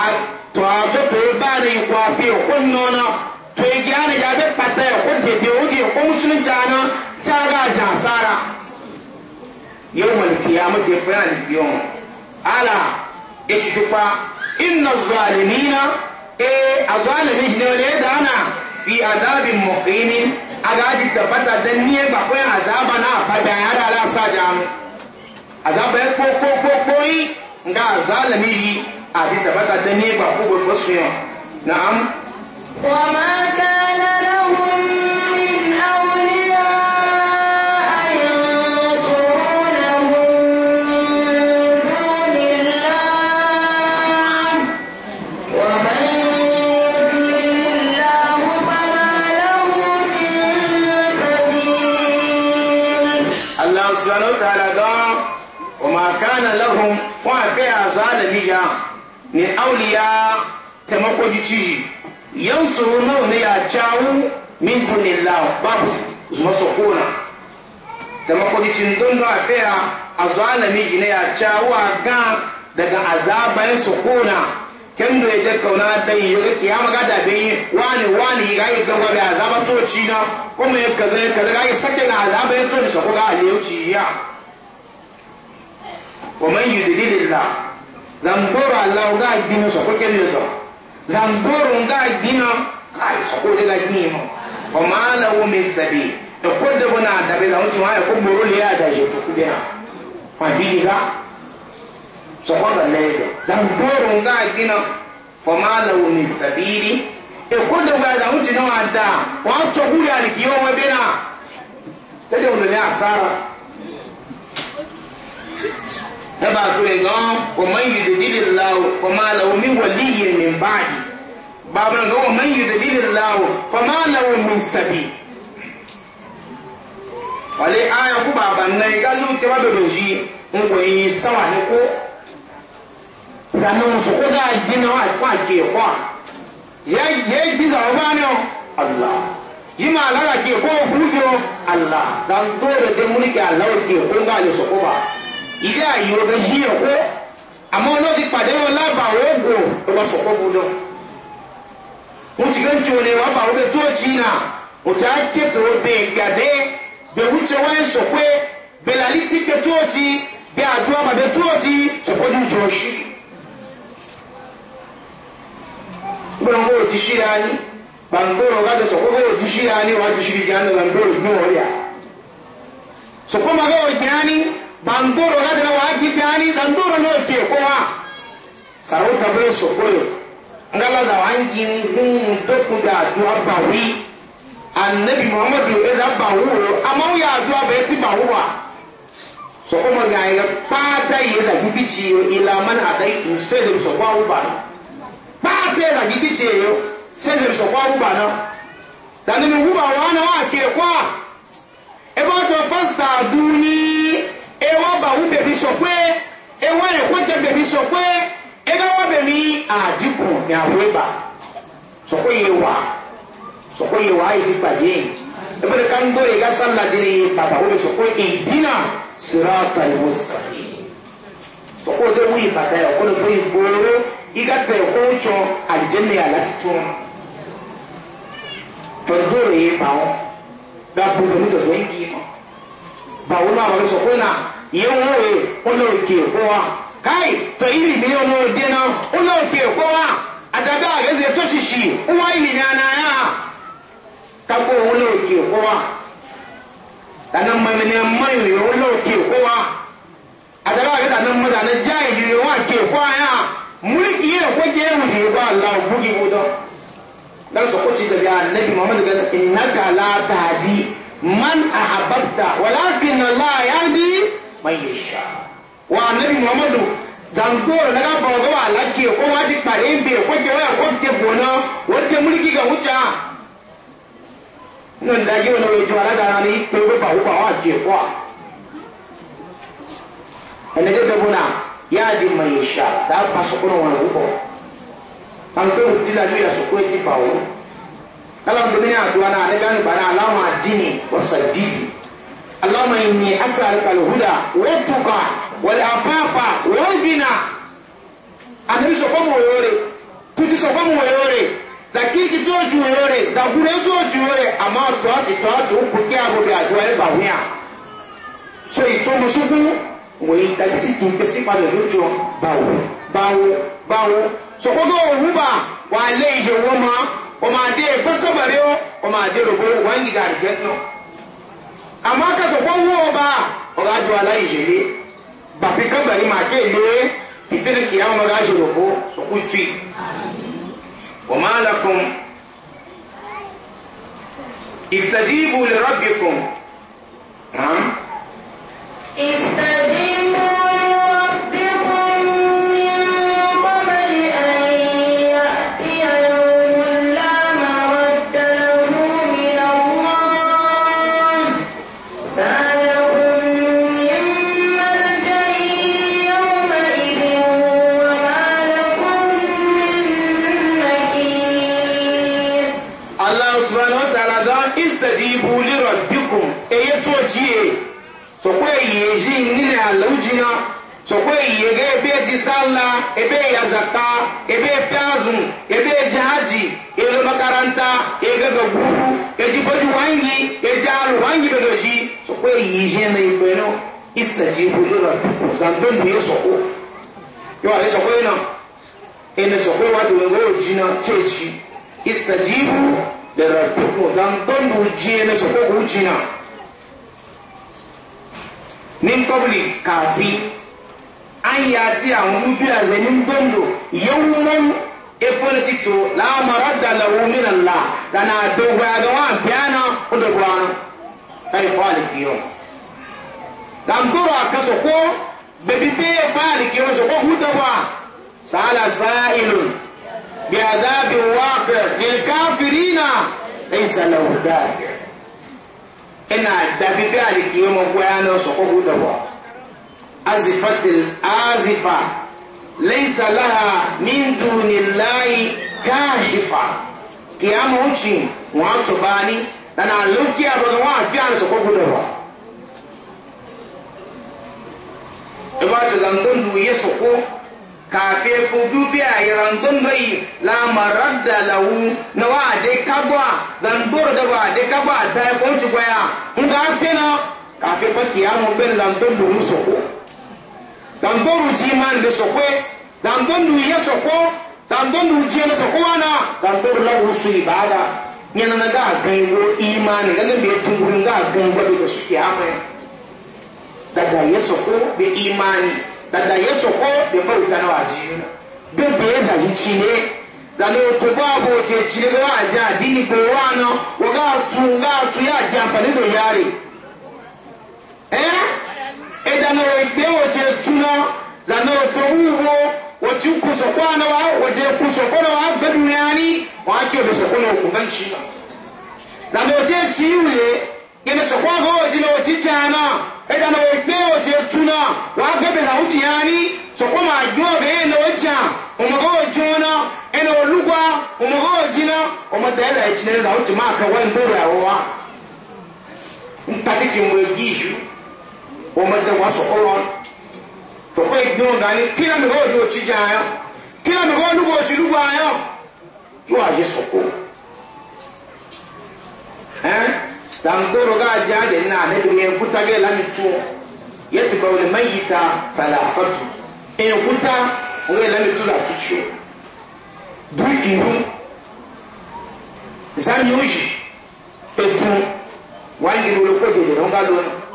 tɔ a tɔ pe ba de kɔ a pe ko nɔ nɔ to yɛ e gya ne yɛ a bɛ kpata yɛ ko dede o de ko musulun gya يوم القيامة فلان يوم ألا اشتقا إن الظالمين إيه الظالمين جنول يدعنا في عذاب مقيم أغادي تبتا دنيا بقوين عذابنا فبعيانا على ساجان عذاب يكو كو كو كوي nga zalimi yi a bisa bata da ne ba ko ba fasu yau na'am wa ma kana kana lahum wa fe azalami ya ni auliya tamako ji ciji yansu nau ne ya cawu min dunillah babu zuma sokona tamako ji cin don da fe azalami ji ne ya cawu ga daga azabayin sokona kendo ya kauna dai ya ki ya ga da bai wani wani ga yi gaba da azaba to ci na kuma ya kaza ya kaza ga yi sake na azaba ya to ni sokoga aliyuci ya ومن يدلل الله زنبور الله قاعد بينا سوكو كده زنبور قاعد بينا ai sọkò lè la gbìn mọ ọmọ aláwo mi sẹbi ẹkọ dẹbọ náà dàbí làwọn tí wọn ayọ kó mòró lè àdàjẹ tó kú bẹ́ẹ̀ wọn bí yìí ká sọkò lọ lẹ́yìn lọ zambóró nga gbìn náà ọmọ aláwo mi sẹbi yìí ẹkọ dẹbọ náà làwọn tí asara. ẹba àtúrò ìgbọ́n wọ́n yìí dèbìlì láwọ̀ fọmá làwọ̀ mi wọlé yìí ní báyìí bàbá ìgbọ́n wọ́n yìí dèbìlì láwọ̀ fọmá làwọ̀ mi sàbí. wàlẹ́ ayọ̀ kó bàbá náà yìí kálú tẹ́ wá bẹ̀rẹ̀ yìí ń wọ̀ ẹ̀yìn sáwà ní kó sànùn sọ̀kó dáa gbiná wà kó àgé kó à yẹ gbi sàwọn bá ní ọ àlá yìí máa lára gé kó o kú jọ àlá dàndó rẹ̀ dé múlíkì àlá òkè kó ń gbà lè sọ̀kó bàá ilé ààyè o bí ọ̀pọ̀ àmọ́ náà ti pàdé wọn lába àwọn ògùn ọba sọ̀kọ́ gbọdọ̀ wọn ti gbẹ́ntì òní wọn bá ọbẹ̀ tó jì náà ọjà kẹtọ̀ ọbẹ̀ ìgbàdé bẹ̀rù tí wọ́n ń sọ̀kọ́ bẹ̀lálí kíkẹ́ tó jì bẹ́ àdúrà pàdé tó jì sọ̀kọ́ ní ìjọ ṣí. gbọ́dọ̀ wọ́n ti ṣí ya ni bàǹgọ́rọ̀ wájú sọ̀kọ́ wọ́n ò ti ṣí ya ni wájú ṣí bandoro ga dana wa gifi ani zandoro no ke kowa sarauta bai so koyo ngala za wa ngi ngun do ku da du annabi muhammadu e da bawo amma ya du abai ti bawo so ga ya pata yi da ci yo ila man adai tu sai da so kwa da yo so na dan ni uba wa na wa ke kwa e ba ewa bawu bèbí sọ pé ewa ẹ̀kọ́tẹ̀ bèbí sọ pé egawa bèbí àdìpù ní àwọn ìbà sọ pé yé wa sọ pé yé wa ayé ti ká ń dìní bàbá wo bẹ sọ pé ìdínà sira ta sọ pé o tẹ wí fẹ́ ìgboro tẹ tsọ tọ́jú bàwọn náà wọlé sọ pé nà ìyẹn wọn wòye ó lọ òkè èkó wa káyì tó ìlì mi yóò lọ òde náà ó lọ wa àtàbí àgẹ́sẹ̀ tó ṣìṣì ó ìlì ní àná yá kápó ó lọ wa tànà mọ̀mí ni mọ̀ ìrìn ó lọ òkè èkó wa àtàbí àgẹ́sẹ̀ tànà mọ̀ tànà já ìrìn wọn àkè èkó wa yá múlíkì yẹn kó jẹ́ ìrìn ìwà àlà ògbógi gbọdọ̀ lọ́sọ̀kọ́ ti dàbí ànẹ́bí mọ́mọ́dé bẹ́ẹ̀ ìnáka látàdí man ahabbta walakin allah yahdi man yasha wa annabi muhammadu dangoro daga bongo wa lake ko wa di parembe ko ke wa ko ke bona wo ke mulki ga wuta non da ji wono lojo ala da ni pe ko ba ba wa je ko ene ke bona ya di man yasha da pasu ko wa ko kan ko ti la mi la so ko kalan dumin aduwa na anabi anu bana alama addini wa sadidi alama inni as'aluka alhuda wa tuqa wal afafa wal ghina anabi so ko mo yore tuti so ko mo yore zakiki to ju yore zakure to ju yore ama to ati to ati o ku kia ko bi aduwa e ba hia so ito mo suku mo yi tati ki pesi pa de lujo bawo bawo bawo so ko go huba wa le je wo ma o ma de fɛfɛ o o ma de robo wa nyiga arijɛ nɔ a ma ka sɔ fɔ wo ba o ka jɔ ala yele bapi ka bari ma ke ye fitiri kiya o ma ka jɔ robo o k'u tui o ma la kun Huh? استجيبوا yege ebe ji sallah ebe ya zakka ebe fiazu ebe ji haji ebe makaranta ebe ga guru eji boji wangi eji alu wangi be doji so ko yi je na ibe no istajibu li rabbikum dan don ni so ko yo ale so ko ina ene so ko wa do ngo jina chechi istajibu li rabbikum dan don du jina so ko jina min qabli kafi an yati a mubi a zanin dondo yawman ifon tito la maradda lahu min Allah dana dogwa ga wa biana odo gwana kai fali kiyo dan duro akaso ko bebi be fali kiyo so ko huda wa sala sa'ilun bi adabin waqi' lil kafirina laysa lahu dafi ina dabi bi alikiyo mo gwana so ko huda wa azifatil azifa laisa laha min dunillahi kashifa kiyama uchi wato bani na loki abaga wa fiyan su ko gudarwa ibata zandon du yeso ko fe ko a ya zandon bai la maradda lahu na wa de kabwa zandor da wa de kabwa ta ko ci goya mun ga k'a fe ko kiyama ben zandon du musu ko dandoro ji man le sokwe dandondo ye sokwo dandondo ji le sokwo wana dandoro la usu ibada nyana na ga gango imani ga be tunguru ga gango be su kiyama daga ye sokwo be imani daga ye sokwo be bauta na waji be be za yichine zane otobabo te chile ga waja dini ko wana waga tunga tu ya jampa ni do yare eh edana wo gbe wo tuna zana wo wuwo wo ku so ko wa wo ku so na wa gbe duniani wa ke be so ko na ku banci zana wo je ti ule gele so ko go wo je wo ti jana edana wo tuna wa gbe be la uti yani so ko ma gbo na wo ja o mo go jona ene olugwa o mo na uti ma wɔmɛdɛ wɔn asɔkɔlɔ tɔkɔ ignore gani kila mi hɔ ni o ti dza yɔ kila mi hɔ nugu o ti nugu ayɔ yóò ayé sɔkɔ ɛn eh? tantoro ka dza de na ne de ŋɛ kuta kɛ lami tu yɛtɛ bawo ne ma yi ta fala afatu ŋɛ kuta o yɛ lami tu la tutu buriki nu zami o yi etu wa nyiri wolo ko dede ŋa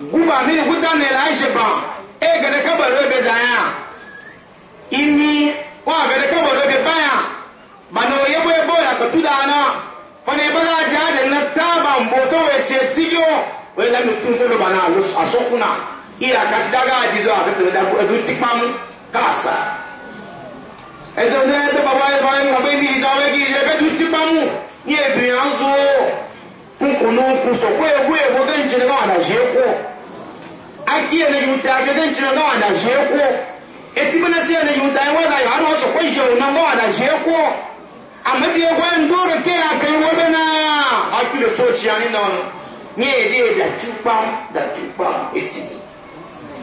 guba mini kuta ne la aisha ba e ga da kabaro be zaya inni wa ga da kabaro be baya bano yebo yebo la ka tuda ana fane bala ja da na taba mboto we che tiyo we la mi tun to bana lo asokuna ira ka ti daga ji zo aka to da ko du tikpam kasa ezo ne be baba e ba en ga be ni da ni e nkunu nkuso kwe kwe kwe genjire nga wanaje kwo akiye ne yuta ke genjire nga wanaje kwo etibana tiye ne yuta e waza yo aro so kweje una nga wanaje kwo amabi e kwa ndoro ke akai wobena akile tochi ani nono ni ede da tupa da tupa eti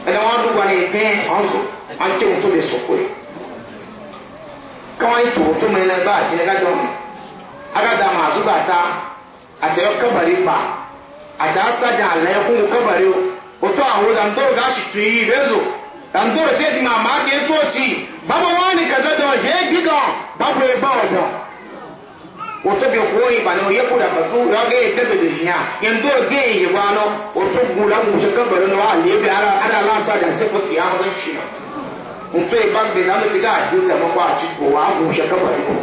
ana wadu kwa ne pe anzo anke mtu le sokwe kawai to to mena ba ti ne ka jo aga ma su àti ẹ kábàrí pa àti asájà àlẹ́ kún kábàrí o òtọ́ àwọn dandoro ká sì tún yí ìrẹ́zò dandoro tí èdè màmá kì í tó tì bàbá wọn ni kẹsẹ́ dán yé gbígan bàbá ẹ bá ọ̀dọ̀ òtọ́ bí kò yìnbà náà yẹ kó dàgbà tó rà gé dẹ́gbẹ̀ lè yàn yẹn dó gé ìyẹ̀wò àná òtọ́ gbù láwùjọ ṣe kábàrí náà wà lébi ara ara aláṣájà sẹ́kọ̀ọ́ kì í àwọn ẹ̀ ṣì náà òtọ́ ìbá gbé lánàá ti dá àdó tẹ̀mọ́kọ́ àti kò wà á wù ṣe kábàrí náà.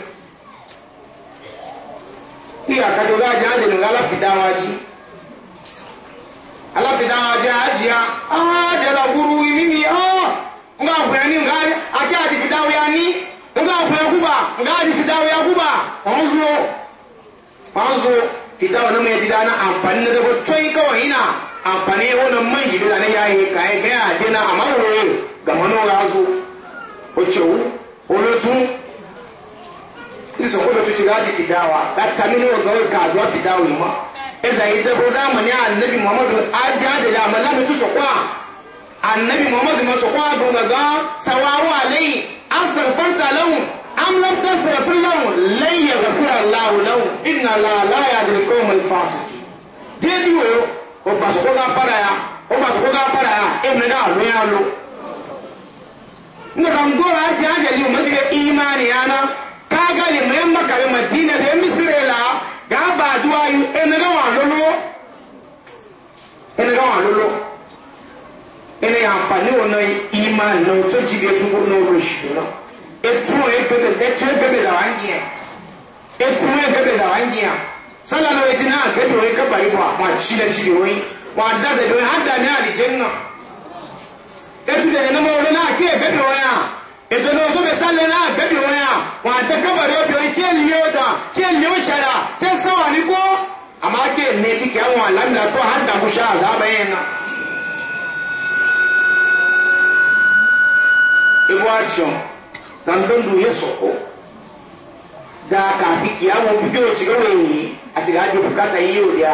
kpíyà kájọ bá ajá àjẹ nìyà aláfidàwọn ji aláfidàwọn ajé ajé a àwọn ajé la wúru mímí nga ni nga ajé àti ya ní nga àgbẹ̀ kúbà nga àti fidàwọn ya kúbà wọ́n zó wọ́n zó fidàwọn náà na amfani na dáná àǹfààní náà dẹ́gbẹ́ tó amfani káwọn wọn náà mọ̀ yìí ya ní yà yìí kà azụ isokodo fitigaji fidawa latamini ogawe kadwa fidawa yuma eza idebo zamani annabi muhammadu ajade la malami tu sokwa annabi muhammadu ma sokwa gonga ga sawawu alayhi astaghfarta lahum am lam tastaghfir lahum lan yaghfira allah lahum inna la la yahdi al-qawm al-fasiqin dedi wo o pa sokwa ga para ya o pa sokwa ga para ya emena lo ya lo nga ngora ajade li umajige imani yana kaga ne mai makabe madina da misrela ga ba duwa yu ene ga wa lolo ene ga wa lolo ene ya amfani wona iman na to jige dugo no lo shi no etu e bebe etu e bebe za wangi etu e bebe za wangi sala no etina ke do e ka bari wa ma shi da shi woi wa da ze do hada ne ali jenna etu de ne mo le na ke bebe wa ya ètò náà tó bẹ sálẹ̀ náà gbẹ́bí wọn yà wọn àti kábàárẹ̀ obìnrin tí èlé ó dà tí èlé ó ṣẹlẹ̀ tí ń sáwà ní kó àmọ́ àti èlé kíkẹ́ wọn àlámìlà tó hàn dàkúṣà àzábẹ́yẹn náà. ewu atsɔ tandondo yɛ sɔkɔ daa kaafi kia wɔn bi yɛ otsi wɔn yi ati ka adi o kata yi o dia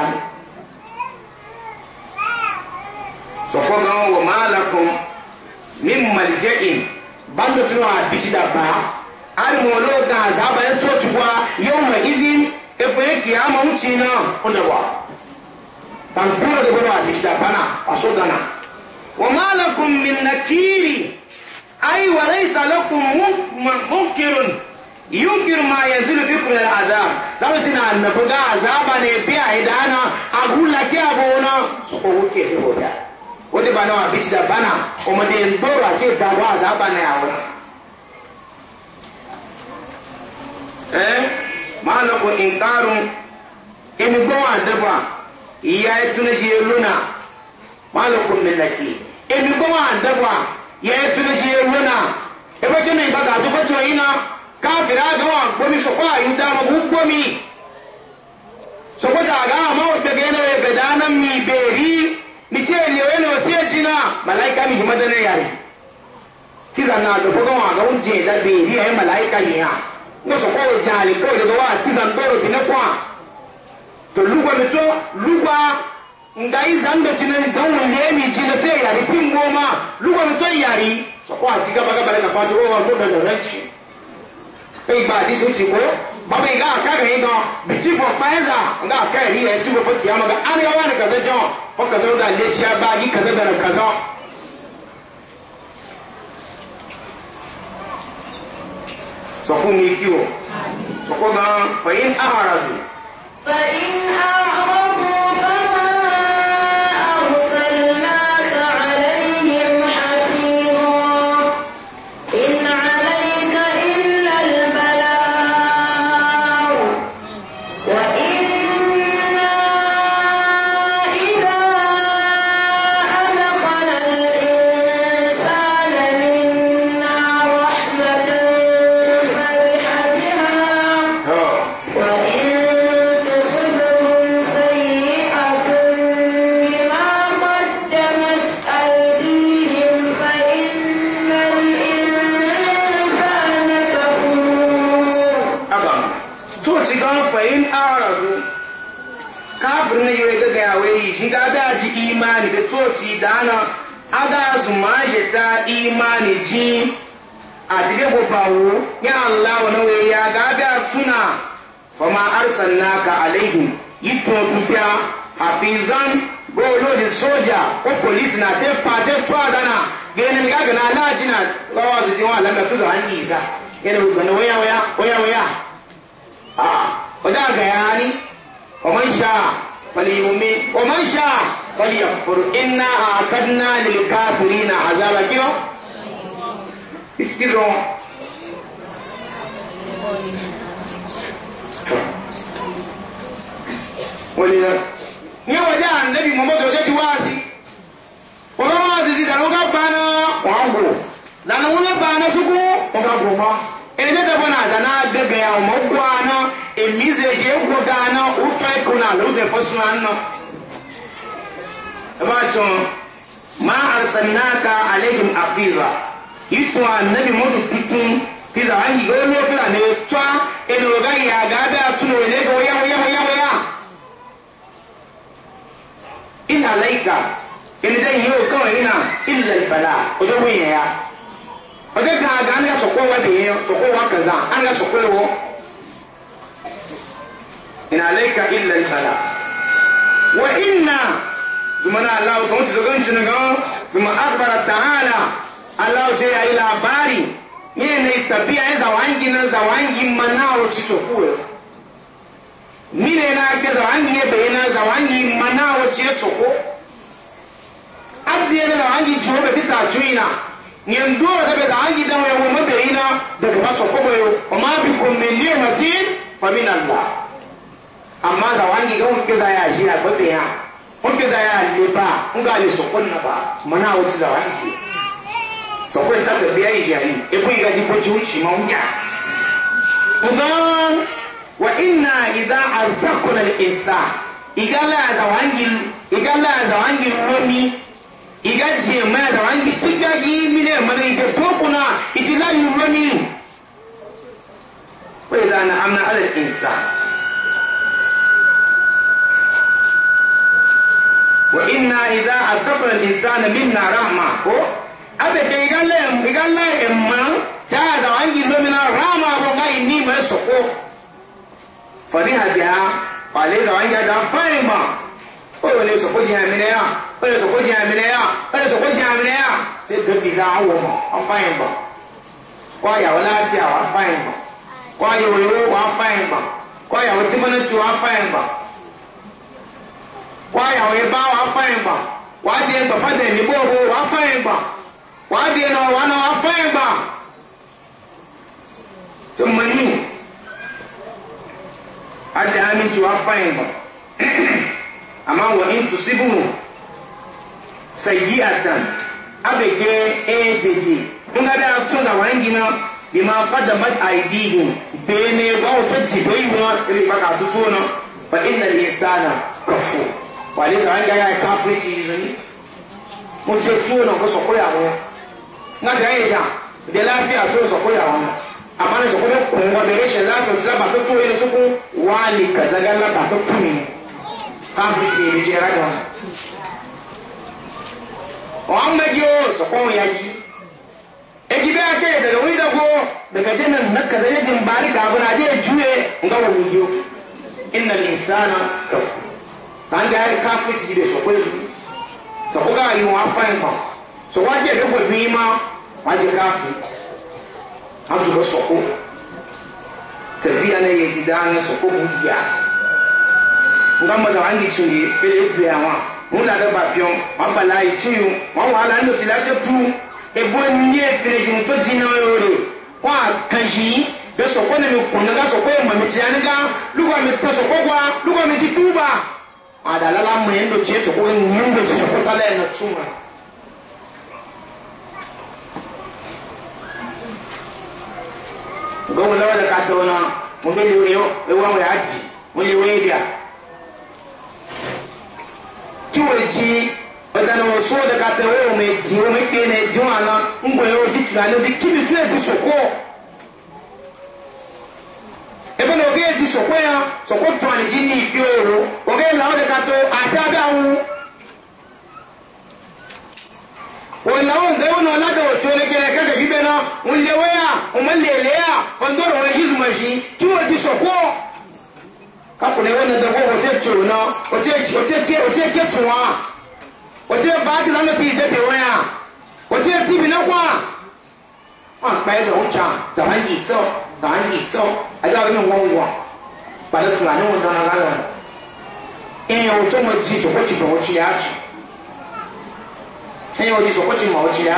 sɔkɔ gan wɔ maa la kɔn mi mali bando tun wa biti da ba ari mo lo da za ya en to tuwa yau ma idi e pe ki ama unti na ona wa ban bura de bura biti da bana aso dana wa malakum min nakiri ay wa laysa lakum munkirun yunkir ma yanzilu bikum al azab zamu tina annabi ga azaba ne biya idana agula ke abona so ko ke ho da wọ́n bá náà àbí tìjà bánà ọmọdé gbọ́rọ̀ àti ìdáwọ́ àzábà náà àwọn. ẹ máa lọ kó ìtaarun ẹni gbọ́wọ́ àdébà ìyá ẹtúnẹ́sì lónà máa lọ kó mẹlẹkì ẹni gbọ́wọ́ àdébà ìyá ẹtúnẹ́sì lónà ẹgbẹ́ tí mi ìbá gàdú kó tí o yín náà káfíńrà àgbọ̀n àgbọ̀mí sọ̀kọ́ àyùdá ọmọ gbogbo mi sọ̀kọ́ tàgá àmọ́ òkèké náà ẹ̀bẹ̀dá náà mi bèèrè. mice liyoyi na wata jina malaika mi hima dana yari kiza na da fogon a ga wunje da be ri ai malaika ne ha ko so ko jali ko da wa kiza ndoro bi na kwa to lugwa mi to lugwa nga iza ndo jina ni dan wunje mi jina te yari tin goma lugwa mi to yari so kwa a ti gaba gaba na fa to wa to da ranci kai ba di sun ci ko baba yi ka aka ka yi dɔn biti fɔ kpaɛza nga aka yi yɛ tu bɛ fɔ kiyama ka ani ya wani kaza jɔn fɔ kaza da letia baagi kaza dana kaza. sɔkun ni kiwo sɔkun kan fayin ahara do. fayin ahara do. ji àtìlé kò fàwọ́ ní ya wọn wẹ̀ yá gábẹ́ àtúnà fọmọ arsanna ka aleihim yìí tó tuntun àfihàn gbọ́dọ̀ di sójà ó polisi náà tẹ́ pa tẹ́ tó àdánà gẹ́gẹ́ ní káàkiri náà aláàjì náà lọ́wọ́ àti tiwọn àlámẹ́ tó sọ̀rọ̀ àǹdí waya waya waya waya. A wọ́yá wọ́yá wọ́yá ọjà àgàyà ni ọmọ ìṣá pẹ̀lú ìwòmí a ìṣá pẹ̀lú ìyàfọ̀rọ̀ iná àkàdínà ìkìlọ̀ wọn. wọ́n ní náà ní wọ́n jẹ́ àǹdẹ́bí mọ́mọ́tò ọjọ́ ti wá sí wọ́n bá wá sí ti dànù ká gba náà wọ́n á wò lànà wọ́n lè gba náà sókú wọ́n bá gbò wọ́n. ẹni tẹ́ tẹ́fọ́ náà àtàná gbẹgbẹ́ àwọn ọmọ gbọ́ àná èmi ṣe ṣe é gbọ́ dáná ó tọ́ ẹ̀kọ́ náà ló tẹ̀ fọ́ sún àná. ẹ bá tún máa àrùsàn náà ka àlejò àfihàn ìtò ànábì mọ́tò tuntun ti là á yìí ó ní ọ́fíà ní tó a ẹnu ọ̀gá yìí àgá bẹ́ a tún òye lẹ́gbẹ̀ẹ́ wọ́yá wọ́yá wọ́yá wọ́yá. ìnà lẹ́yìká ẹni dẹ́ yìí ó kàn wọ́n ìnà ìlẹ̀ ìbàlà ọjọ́ wọ́n yẹn ya. ọjọ́ kan àgá ní asọ̀kọ́ wa bẹ̀yẹ sọ̀kọ́ wa kàn zan án ní asọ̀kọ́ wọ́. ìnà lẹ́yìká ìlẹ̀ ìbàlà. wọ́n ìnà zùmọ́nà aláwọ̀ kan ti sọ alao je aila habari yeye na tabia za wangi na za wangi manao tisokuwe mine na ke za wangi ye be na za wangi manao tisoko adie za wangi jobe bita juina ni ndo be za wangi da wa mo ina da ba ma bi ko fa min Allah amma za wangi ga ke za ya jira ba be ya ke za ya le ba mun ga le soko na ba manao sɔkɔli ta fɛ bia yi yari epo yi ka di ko ti o tsi ma o nya ngan wa ina ida arutakola esa igala azawangi igala azawangi lomi iga jema azawangi tigbagi mine mana ike kokuna iti la yi lomi wa ida na amna ala esa. وإنا إذا أذقنا الإنسان منا رحمة abeke igala igala emma jaada wangi domina rama ronga ini ma soko fani habia wale da wangi da faima o le soko ji amine ya o le soko ji amine ya o le soko ji amine ya se de biza awo mo afaima kwa ya wala afia wa afaima kwa ya wewe wa afaima kwa ya utimana tu afaima kwa ya weba wa afaima wa de ba fa de ni bo wa afaima wadeɛ na wana wafɛn ba sɛ mani ade ami nti wafɛn ba ama wɔ ntusibu mu sayi atan abɛgye ɛɛdede nga de ato na wɔn nyina bima kadamat aidihi bee ne wɔn to ti bee wɔn ɛbi ba ka tutu no fa ina ne nsaana kafo wale ka an yɛ kafo ti yi zani mo tɛ tuo na ko sɔkoro awɔ nga jẹ́ ẹ̀yẹ yà ǹdẹ́ láàfin àti òsòkò yà wọn àmọ́ ní sòkò mẹ́kùn wọn bẹ̀rẹ̀ ṣẹ̀ láàfin òtí lábà tó tó yẹ sókò wà lè kàzágá lábà tó tù mí káfíń ti èrè jẹ ẹ̀rá gan. wọn mẹ́jì ó sòkò wọn yà yí egi bẹ́ẹ̀ kẹ́ ẹ̀ dẹ̀gẹ̀ wíńdà kó dẹ̀gẹ̀ dẹ̀ nà nà kàzá ní jìn bàálì kàbọ̀ nà àdéhẹ̀ ju yẹ nga wọ̀ wíńdì ó ina lè sáànà kàfù kàńdà ẹ̀ káfíń ti di bẹ̀ sòkò yẹ so wọ́n á jẹ́ ìdókòwò ìbí yín máa wọ́n á jẹ́ káàfin wọ́n á tún bọ́ sọ̀kó tẹ̀bí yà lẹ́yìn ìdí dáná sọ̀kó kò yíyà nǹkan mọ̀tà wọ́n á ń di tìǹyì fẹ́lẹ́ gbé àwọn wọ́n là dọ́ bàbíọ́n wọ́n bàlá ìtìyù wọ́n wà á lánàá tìlá tẹ́ tu ebó ní èfèrè jù tó di náà rè wọ́n à kàn yìí bẹ́ sọ̀kó ni mi kùn nígbà sọ̀kó yẹ mọ̀mí tìyà nígbà lúgbà mi tẹ sọ̀kó wa lúgbà mi ti túbà àdàlálà mọ̀ yẹn ń lò tiẹ̀ sọ̀kó yẹn ń lò tiẹ̀ sọ̀kó tálẹ̀ ẹ̀ nà túmọ̀. gbogbo lọ́wọ́ lè ka tẹ̀wọ́n náà mo fẹ́ lórí yọ ewu àwọn yà á jì mo lè wọ́n yé dìá. kí wọ́n ti ọ̀dàna wọ́n sọ́ lè ka tẹ̀wọ́n wọ́n mi jì wọ́n mi pè ní jọ́ àná ń gbọ̀ yẹn òbí tìlá lóbi kí mi tún èdè sọ̀kọ́. ebe na oge èdè sọ̀kọ́ yẹn sọ̀kọ́ tó àníjí ní ìfi òru oge làwọn lè ka tó àti abẹ́ àwọn. 我们我们我们那个做那个那个那边啊，我们那边啊，我们两边啊，我们那个就是我人，就是说，他不那个那个那个那个那个那个那个那我那个那个那个那个那个那个那个那个那个那个那个那个那个那个那个那个那个那做，那个那个那个那个那个那个用个那拿那个那个那个那个那个那个那个那个那 ẹ̀yìn orí sọ̀kọ́ ti mọ̀ ọ́ ti jù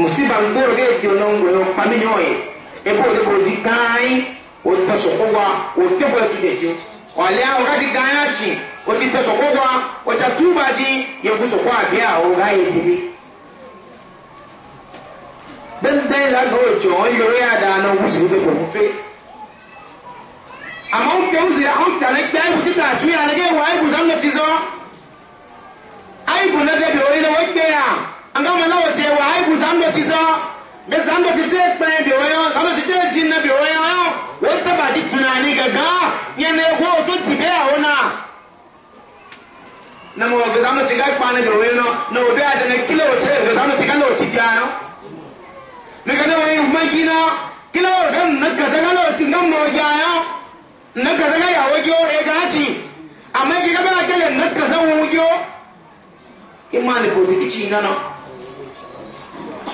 mùsíbà ń gbèrò gé èdè ọ̀nà ńgbèrò pàmí ní ọ̀yẹ̀ òde kò di gán o wa o débò ẹ̀tù dẹ̀jú ọ̀lẹ́ àwọn ká di jì o ti wa o túbà di yẹ̀kú àbí àwọn ọ̀gá yẹ̀ dandan lágbó òjò wọn yọrọ yà dáa náà wùsì wípé kò mú fẹ́. àmọ́ ń kẹ́ àwọn ìtàlẹ́ gbẹ́ aibu na dabi wani na wai gbaya an gama na wace wa aibu zando ti so be zando ti te kpɛn bi wɔyɔ zando ti te jin na bi wɔyɔ o taba di tunani gangan nyɛ na ego o to ti bɛ awo na na mɔ be zando ti ka kpani bi wɔyɔ na na o bɛ a dɛnɛ kilo o te be ti ka na o imani ko ti nana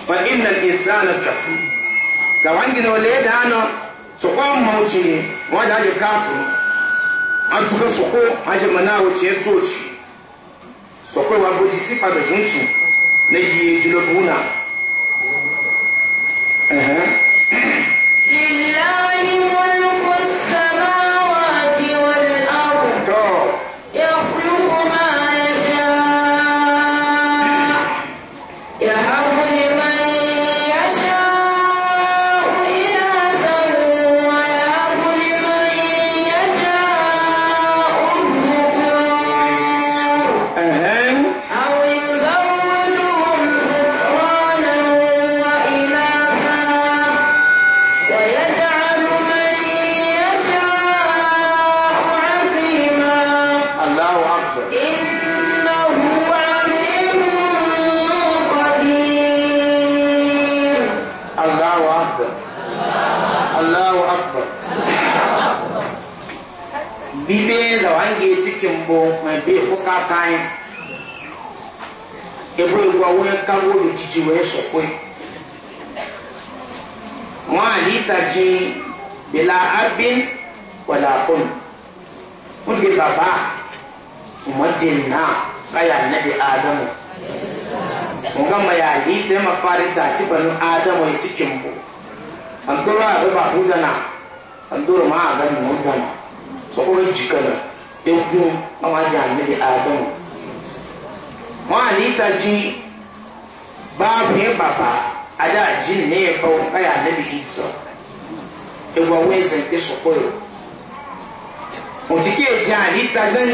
fa innal insana kafur ga wangi no le da no so ko mauci ne wa da je kafur an tuka so ko a je mana wo ce toci so ko wa boji sifa da junci na yi jilo buna eh eh lillahi mulku as-samawati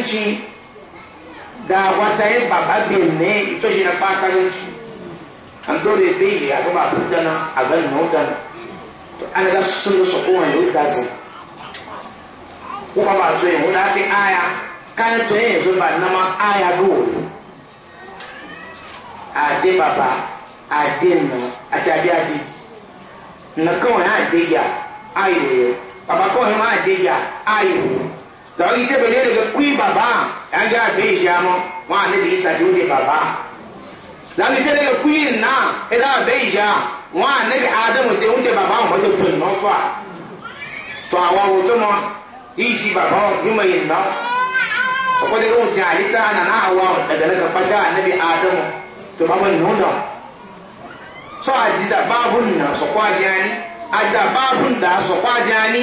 ganci da wata ye baba benne ito shi na fata ganci an dole bai ya gaba abin dana a ganin na dana to an ga sun da su kowane yau da zai kuma ba to yin wani hafi aya kayan to yin yanzu ba nama aya go a de baba a de na a ci abi abi na kawai a de ya ayi baba kawai ma a de ya ayi tọ́ yìí tẹ́ bẹ̀rẹ̀ lẹ́gbẹ̀ẹ́ kú bàbá ẹ̀jẹ̀ àbí ìṣẹ́mọ́ wọn àlejò dị ní bàbá láti tẹ́ lẹ́gbẹ̀ẹ́ kú yìí náà ẹ̀dá àbẹ́ ìṣẹ́ wọn àlejò ádámù tẹ́ ń tẹ́ bàbá wọn bọ́tò tó nà fà tọ́ àwọn àwòtọ́ mọ́ ìṣì ya mímọ yìí nà sọkọ́dé ló ń na na nàná àwọn ẹ̀dẹ̀lẹ́gbẹ̀ pátá àlejò ádámù tó bá wọn sọ adịda sọkwa anyị. adịda sọkwa anyị.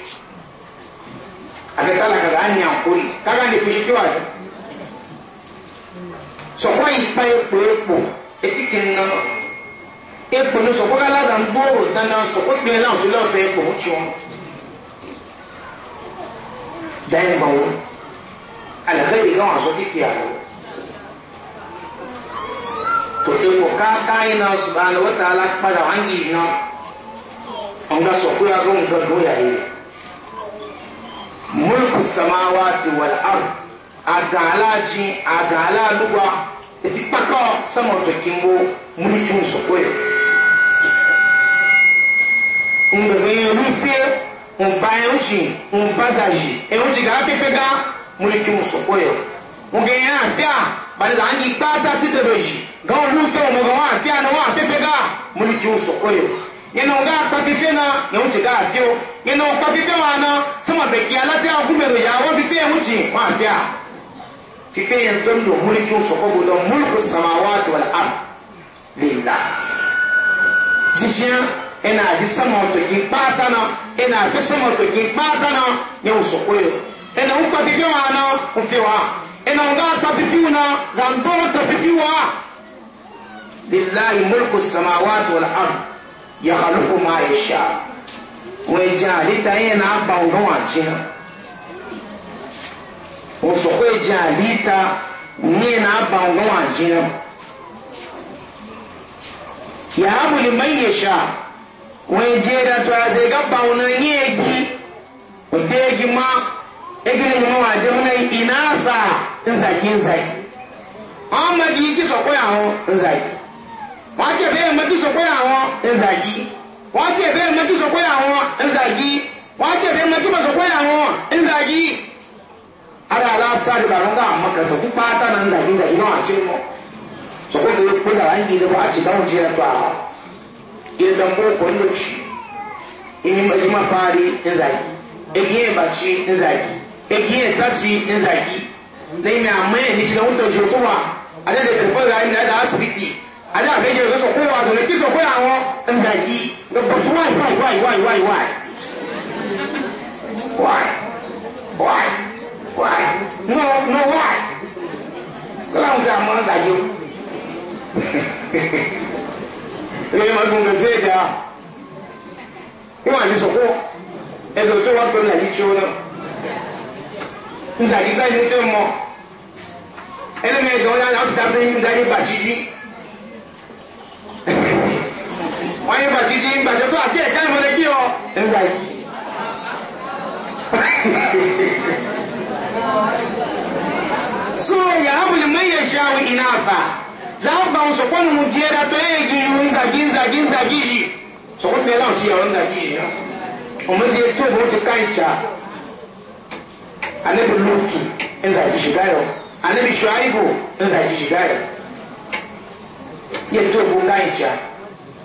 àti tálàkà rà á ní àkórè kága ní fìṣí kí wà jù. sọ̀kọ́ ìpa epo epo etí kì í nana epo ní sọ̀kọ́ aláza ń gbòòrò dáná sọ̀kọ́ gbé láwọn tó lọ́ọ̀tọ̀ epo ó ti wọn. dáhìn bá wọn alẹ́fẹ́ yìí káwọn aṣọ kíkì subhanahu wa ta'ala padà wá ń yìí náà. ọ̀n ga sọ̀kọ́ yà kó mulku samawati wal ard agala jin agala lugwa eti kpakọ sama to kimbo mulki musoko ye ngbẹgbẹ yẹn rufie nba yẹn jin nba zaji yẹn jin gaa pepe ga mulki musoko ye ngbẹ yẹn afia balisa anyi kpaata ti tẹbẹ yi gawo rufie ngbẹgbẹ wọn afia ni wọn apepe ga mulki musoko ye yẹn na wọn gaa kpa pepe na yẹn jin gaa afio ina kwa fife wa na sama be ki ala te a ku mero ya wa fife mu ji wa fi a fife yan don do mulki so ko do mulku samawati wal ard lillah jijia ina ji sama to ki pata na ina fi sama to ki pata na ne so ko yo ina u kwa fife wa na u fi wa ina nga kwa fife na zan do kwa wa lillahi wọ́n jẹ́ àlítà yẹn náà bá wọn wà jẹ́ sọ pé jẹ́ àlítà yẹn náà bá wọn wà yàrá wòlé mẹ́yẹ̀ ṣá wọ́n jẹ́ àti ẹ̀ka bá wọn yẹn egi òde egi má egi ni wọn wà jẹ́ wọn náà iná àfà nzàkí nzàkí wọ́n mọ̀ kí kí sọ pé àwọn nzàkí wọ́n á jẹ́ bẹ́ẹ̀ mọ̀ kí sọ pé àwọn nzàkí wọ́n á tẹ̀ bẹ́ẹ̀ mẹ́tò sọ pé àwọn ń zàgí wọ́n á tẹ̀ bẹ́ẹ̀ mẹ́tò sọ pé àwọn ń zàgí. ara aláṣà ni bàrọ̀ ń dá àmọ́ kẹtọ̀ fún pátá náà ń zàgí zàgí náà àti mọ́ sọ pé kò pé sàrà ń yin wọ́n á ti dáhùn jí ẹ̀fà ìdánwò kò ń lòtì ìyíma fari ń zàgí èyí ìbàtí ń zàgí èyí ìtàtì ń lẹ́yìn àmọ́ ẹ̀ No, But why, why, why, why, why, why? Why? Why? Why? No, no, why? Kọ́láhùn tí a mọ̀ ń dàjú. Ilé ìmọ̀ tó ń gbèsè ìjà. Ìwọ̀n àti sọ̀kọ́ ẹ̀dọ̀ tó wà tó ń dàjú tí ó náà. Ń dàjú táyé tó ń mọ̀. Ẹlẹ́mẹ̀ẹ́dọ̀ ọ̀la láti dàbí ń darí bàjíjí wọ́n yín bàtí jí ń gbàjọ́ tó àti ẹ̀ka ìmọ̀lẹ́ kí ọ. ẹ gbà yí. so yahabul man yashawu inafa za ba mu so kwanu mu je da to e ji yun za gin za gin za gi ji so ko ti ya on za gi ji o mo je to bo ti kai cha ane bi lutu en za gi ji ga yo ane bi shuaibu en za gi ji ga yo ye to bo ngai cha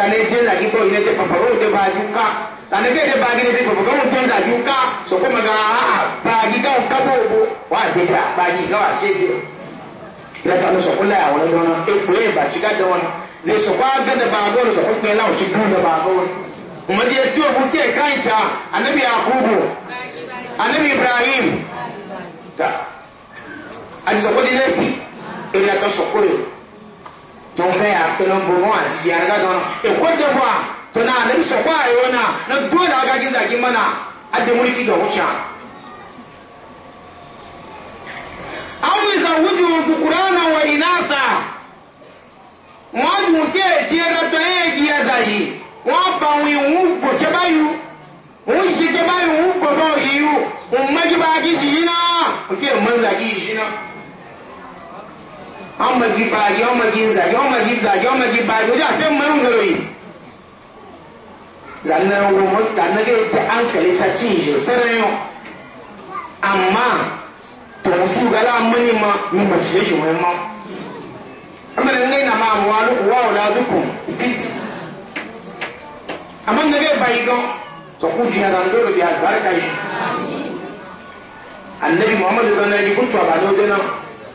tani den zagi kɔ yinɛ tɛ fafa o tɛ baagi ka tani bɛ tɛ baagi ne tɛ fafa o den zagi ka sɔkɔ ma ka aa ah, baagi ka o ka bɔ o bɔ wa se de a baagi ka wa se de yɛrɛ ta ni sɔkɔ la yà wɔlɔ dɔn na e kule ba ti ka dɔn na ze sɔkɔ a gɛn tɛ baagi o sɔkɔ kpɛn na o ti dun tɛ baagi o o ma di yɛ tí o bu ah, tɛ kan ca ale bi yakubu ale bi ibrahim ta a ti sɔkɔ di lɛ bi e yɛrɛ ta sɔkɔ de. tun fɛ yan kolon bo ma a ka dɔn e ko tɛ fɔ to na ne bɛ sɔn ko a y'o na na don da ka giza k'i mana a denwuli k'i dɔn o can. aw bɛ san wuju kukura na wa i n'a ta wọn dun tɛ tiɲɛra que e ye diɲɛ sa ye wọn ban wi ŋun gbɔ kɛba yi ŋun si kɛba yi ŋun gbɔ bɔ yi ŋun mɛji b'a yi na o k'e mɛnza k'i si na. ọmọ igi paagi ọmọ igi nzagi ọmọ igi gbagi ọmọ igi paagi ojú àti ẹmọ ńgọrọ yìí. zanna wo mo zanna ge te ankele ta chinje sere yo amma to fu gala mani ma mi ma shi shi wai ma amma ne ngai na ma mu walu wa wala dukum bit amma ne ge bai go to ku jiya dan do bi albarka yi annabi muhammad dan ne ku to ba do na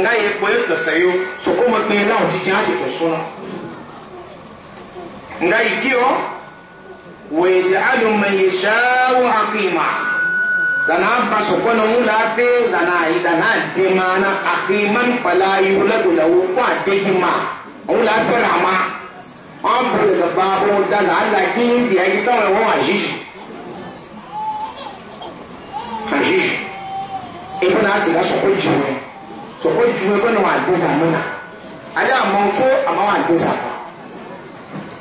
nga ye kpoe keseyo soko me kpee na odi dza tutu suna nga yi kiyɔ wòye alùmɛ yi sàwù àkìmà dana ba soko na ŋu la pe dana yi dana di ma na àkìmà nfala yi wòle do la wò kó àdéhi ma o la pe la ma wọn bu le baabo da la ala kii bi ayi sáwọn ɛwɔ azizi azizi ebi na ati la soko dzi wòye sɔkɔ juwe bɛ na wa de zanu na ale a man ko a ma wa de zanu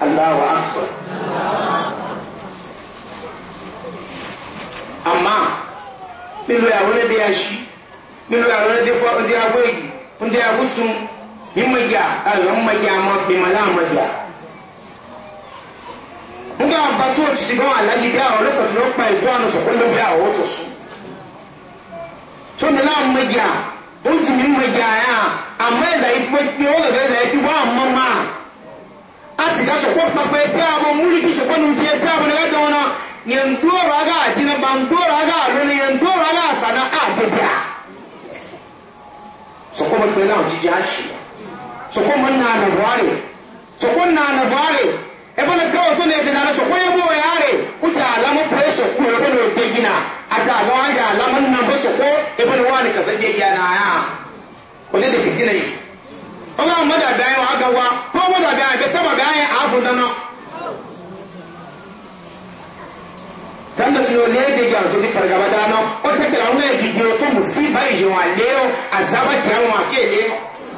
alahu akbar ama nílò àwọn ẹbí aṣí nílò àwọn ẹbí fọ ndí awọ èyí ndí awọ tún mímọ̀yà àwọn mọ̀yà àmọ́ bímọ̀lá àmọ̀yà nga abato otiti bɛ wala yi bi a ɔlɛ pɛtɛ ɔkpa edu anu sɔkò lɛ bi a ɔwɔ to so tó nana amagya o jìnnì ń gbèjà yà àmọ́ ẹ̀zà yìí pé pé ó lọ́dọ̀ ẹ̀zà yìí fi wá àmọ́ mà á ti ká sọ̀kọ́ pàpẹ́ ẹ̀tẹ́ àbọ̀ múlí kí sọ̀kọ́ nu ti ẹ̀tẹ́ àbọ̀ nígbà tó wọn náà yẹn ń dóòrò aga àti nípa ń dóòrò aga àlóni yẹn ń dóòrò aga àsàdá àgbègbè à sọ̀kọ́ mọ̀ pé náà jíjẹ́ àṣì sọ̀kọ́ mọ̀ nà ànàbọ̀árẹ̀ sọ̀kọ́ nà ànàbọ̀árẹ̀ ẹ̀fọ́n soko ibn wani ka zabe yana ya wani da fitina yi Allah mu da bayan wa gawa ko mu da bayan ga sama bayan afu da no sanda tuno ne da ga to ni fargaba da no o ta kira mu ne gigiro to musiba yi wa leo azaba kira mu ake le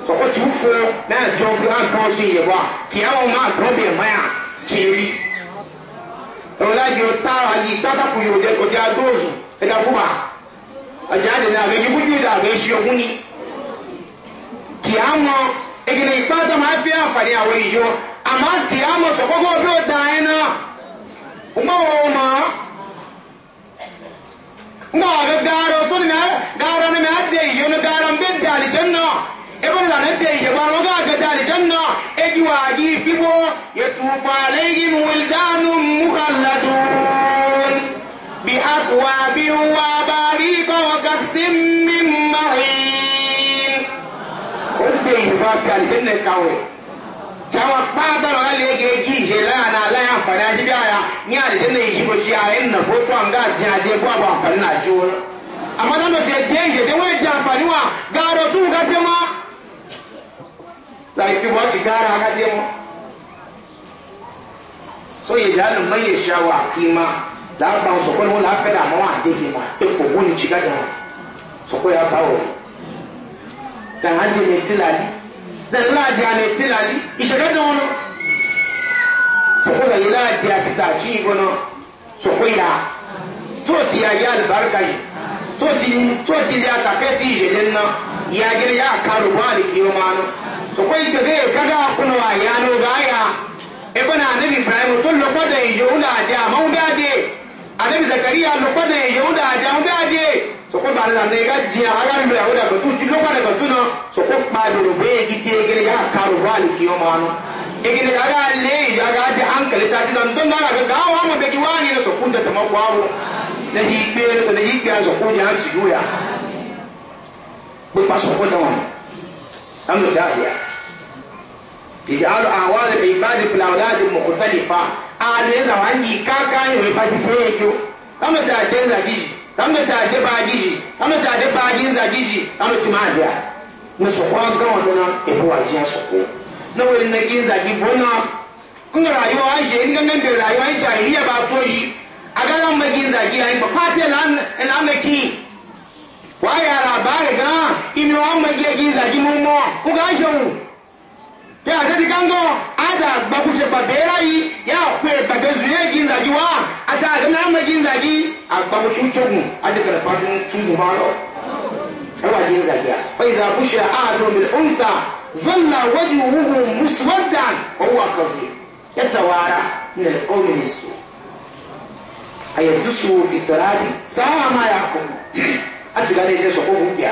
so ko tu fo na jo ga kan shi ye wa ki awon ma ko be ma ya chiri Ọlá yóò tá àyè pátákó yóò jẹ́ kọjá dóòzù ẹ̀dá fún ọjà àdìdà àgbẹ̀ yìí wújú ìdà àgbẹ̀ ṣe òun ni kì á mọ egele ìpátá máa fi àǹfààní àwọn ìyọ àmọ́ kì á mọ sọ̀kọ́kọ́ bí ó da ẹ náà ọmọ wọn mọ̀ ọ́ ńgbà àgbẹ̀ gaara tó ní gaara ní máa dé ìyọ ní gaara ń bẹ dé àlìjẹ́ náà ebe ní lànà dé ìyẹ wọn wọn gàgẹ́ dé àlìjẹ́ náà èjì wà á di fíbó yẹtù pàlẹ́ yìí wíl dánú bí àkùwà bí wàá. ma fi alijanna kawe jama kpaata ma ka lee kee ji je la na la ya fani aji bi a ya ni alijanna yi ji ko ji a ye na ko to an ka diɲɛ a diɲɛ ko a na a jo la a ma dama fiye den je den wani jan fani wa gaaro tu ka te ma laayi fi bɔ ti gaara a ka te so ye jaalu ma ye sa wa k'i ma daa ban sɔkɔ ni mo la fɛ la a ma wa de k'i ma e ko ni ci ka jan y'a ba o tàn án di mi ti la ni da ladi ane tilali ishaka dono soko da ladi a fita ci gono soko ya to ti ya ya albarka yi to ti to ti ya ta ke ti jelen na ya gele ya karu ba ni kiyo mano soko yi bebe kaga kuno wa ya no ga ya e bana nabi ibrahim to lo ko da yi yo da ja ma u da de anabi zakariya lo ko da yi yo da ja u da soko ba la ne ga jiya aga ndo ya oda batu ti lokwa da batu no soko pa do be gi de gele ya ka ro wali ki o manu e gele aga le ya ga ji hankali ta ti dan don da ga ga wa mu be gi wani no soko da tama kwa wo na hi be na ya ci yo ya bu pa soko da wa am do ta ya ijalu awal al ibad fil awlad mukhtalifa a ne za wani kaka yo ba kando ta ade baagiji kando ta ade baagi nzagiji kando tuma ade a ne sɔkɔ gawo do na ebi wa diɛ sɔkɔ ne wele ne gi nzagi bo na n rayuwa a yɛ ni kankan de rayuwa yi jahiliya b'a to yi a ka kan mɛ gi nzagi a yi ba f'a tɛ la mɛ kin wa yàrá baari gan imi wa mɛ gi nzagi mu mɔ n ka zɛn o pe atati kango ada bakushe baberai ya kwe babezuye ginzagi wa ata agana ma ginzagi agbamu chuchugu aje kala patu chugu balo ewa ginzagi ya fa idha kushira ahadu bil untha dhalla wajhuhu muswaddan wa huwa kafir yatawara min al qawmi nisu ayadusu fi tarabi sawa ma yakum ati gale je sokobu ya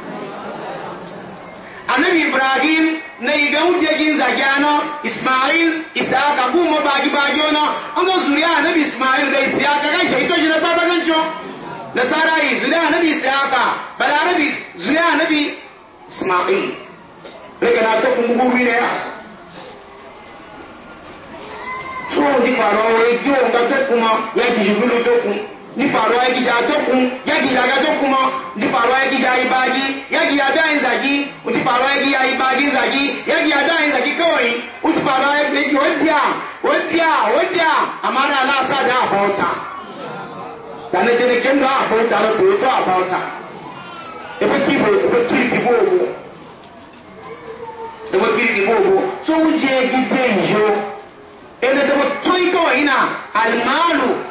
anabi ibrahim na iga wujegin zagiano ismail isaka gumo bagi bagi ono anga zuri anabi ismail da isaka kan shaito jina baba gancho na sarai zuri anabi isaka bala anabi zuri anabi ismail rega na to kungu wine ya so di faro e jo nga to kuma ya ki jibulu to kuma ndi faruwa yakija atokun yakija gatokunmɔ ndi faruwa yakija ibagi yakija bɛ anyi zagi ndi faruwa yakija ibagi zagi yakija bɛ anyi zagi kawai ndi faruwa yakija o dia o dia o dia amara alasa de abɔta dani deni kendo abɔta lo to eto abɔta ebe kibo ebe kiri kibo owo ebe kiri kibo owo so wujie gide njo ene debo toyi kawai na alimalu.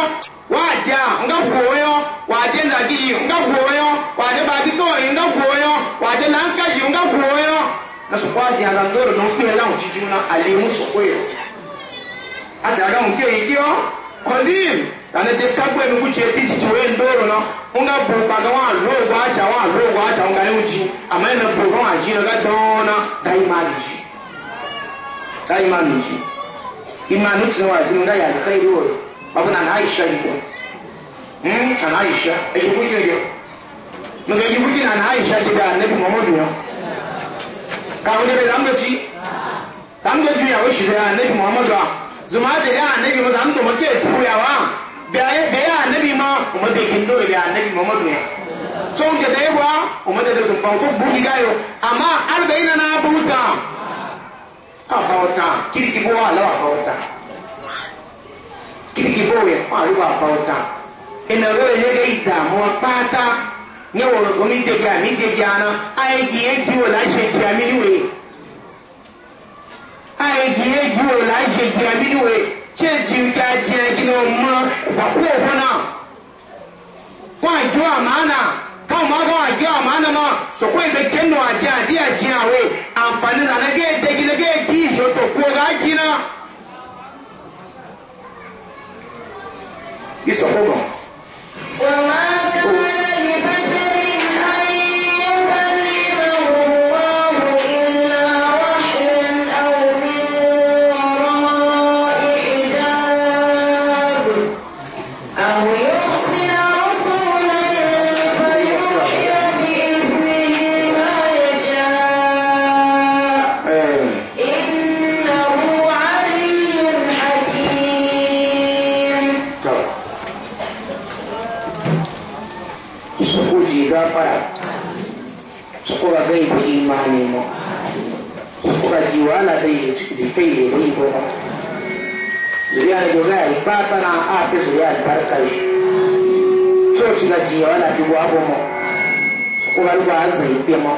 waja nga kuoyo waje nzagi nga kuoyo waje baditoi nga kuoyo waje lankaji nga kuoyo nasokwaji alandoro nonkpela nchijuna alimu sokoyo acaga nkeikio kolim dane de kagbe mi kuche titi chiwe ndoro no nga bopaga wa logo acha wa logo acha nga yuji ama ina boga wa jino ga dona daimanji daimanji imanu tinawa jino nga ya khairu babu na na aisha yi eh na aisha e yi wuce ne mun ga yi wuce na na aisha ji da annabi muhammadu ya ka wani bai zamu ci zamu ci ya zuma da ya annabi mu zamu da muke tuyawa biyaye biya annabi ma kuma da kin dole biya annabi muhammadu ya so da da yawa kuma da da zumba to buki gayo amma arba'ina na buta a bauta kirki bowa lawa bauta kiriki bowɛ ɔriba bauta enaro elege idamu kpata nye wɔrɔbɔ mi deja mi deja na ayi gi edi wo la se kia mi niwe ayi gi edi wo la se kia mi niwe tseji ka diɛ kini o mɔ wako o na wọn adu amaana káwọn máa kọ́ adu amaana ma sɔkò ebe kẹ́nu àti àti àti àwẹ̀ àǹfààní nànà bí edegi nàbí edi ìṣòtò kó o ká jí náà. Isso é problema. bai bi imani mo ba ji wala bai di fai ne ni ko ba zuriya da joga ya ba ta na a ta zuriya da barka yi to ci mo ko ga ruwa azai pe mo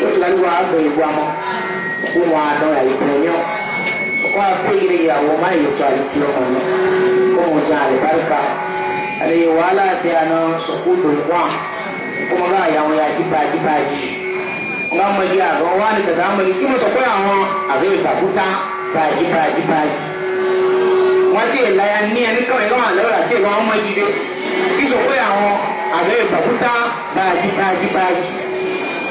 to ci ga ruwa bai wa mo a pe ire ya wo mai yo ta yi kilo ko mo ko mo ja albarka ale wala ta na so ko do wa kuma ga ya wo ya ki wọn mọ iye àgọ wọn á ní bẹ̀rẹ̀ àwọn kí wọ́n sọ pé àwọn àbẹ̀ ìgbàkúta báyìí báyìí báyìí. wọ́n dé ìlàyà ní ẹni kan ìlú àlẹ́ rà dé mọ iye kí sọ pé àwọn àbẹ̀ ìgbàkúta báyìí báyìí báyìí.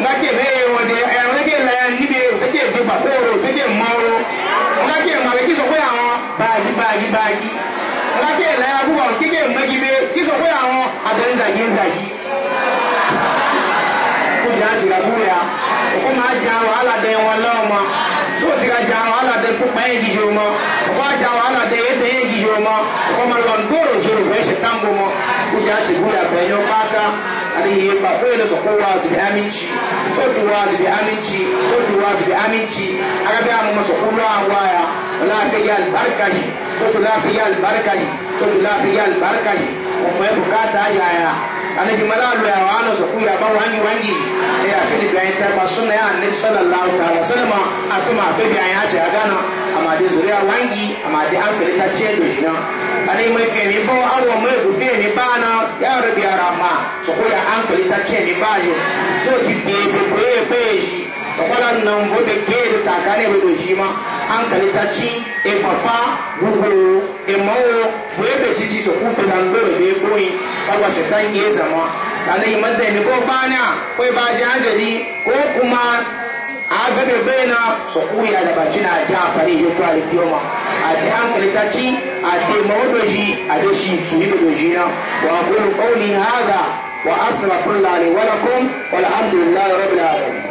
wọ́n dé ìbéèrè wọn dé ẹ̀rọ dé ìlàyà níbi òtẹ́jẹ̀ ìdìbò àkóró òtẹ́jẹ̀ mọ́ọ́rọ́. wọ́n dé ìmọ̀lẹ́ kí sọ pé àwọn báyìí báyìí báyìí. wọ́n dé ìlàyà jìnnà ti ka gún ya òkú máa jà wàhálà dẹ wọn lọ́wọ́ mọ́ tó ti ka jà wàhálà dẹ kópa yẹn jìjì o mọ́ òkú àjà wàhálà dẹ yẹn tẹ yẹn jìjì o mọ́ òkú máa lọ ndóró zoro wọ́n ṣe tán bó mọ́ kó jà ti gún ya bẹ́ẹ̀ yọ pátá àti yìí pàpọ̀ yẹn lọ sọ kó wàá dùbẹ̀ amíntì tó ti wàá dùbẹ̀ amíntì tó ti wàá dùbẹ̀ amíntì arábẹ́ àwọn ọmọ sọ kó lọ́ àwọn àyà wọ́n láfi yá àlùbáríkà yìí tó anaji malalu ya wana so kuya ba wangi wangi e a fili bayan ta ba sunna ya annabi sallallahu ta'ala sallama atuma be bi an yaje agana amma dai zuriya wangi amma dai an fili ta ce do ina ani mai fe ni bo awo mai bu be ni ba na ya rabbi ya rahma so kuya an ta ce ni ba yo to ti be be be kwanan nan gobe ke da takane mai doji ma an kalita ci e fafa gugu e mawo fuye da cici su kuku dan goro bai koyi kwalwa shetan ke zama kalai madda ni ko bana ko ba jajali ko kuma a gabe bai na su kuya da baci na ja fare ya to alkiyoma a da an kalita ci a da mawo doji a da shi tuyi da doji na wa aqulu qawli hadha wa astaghfirullahi wa lakum walhamdulillahi rabbil alamin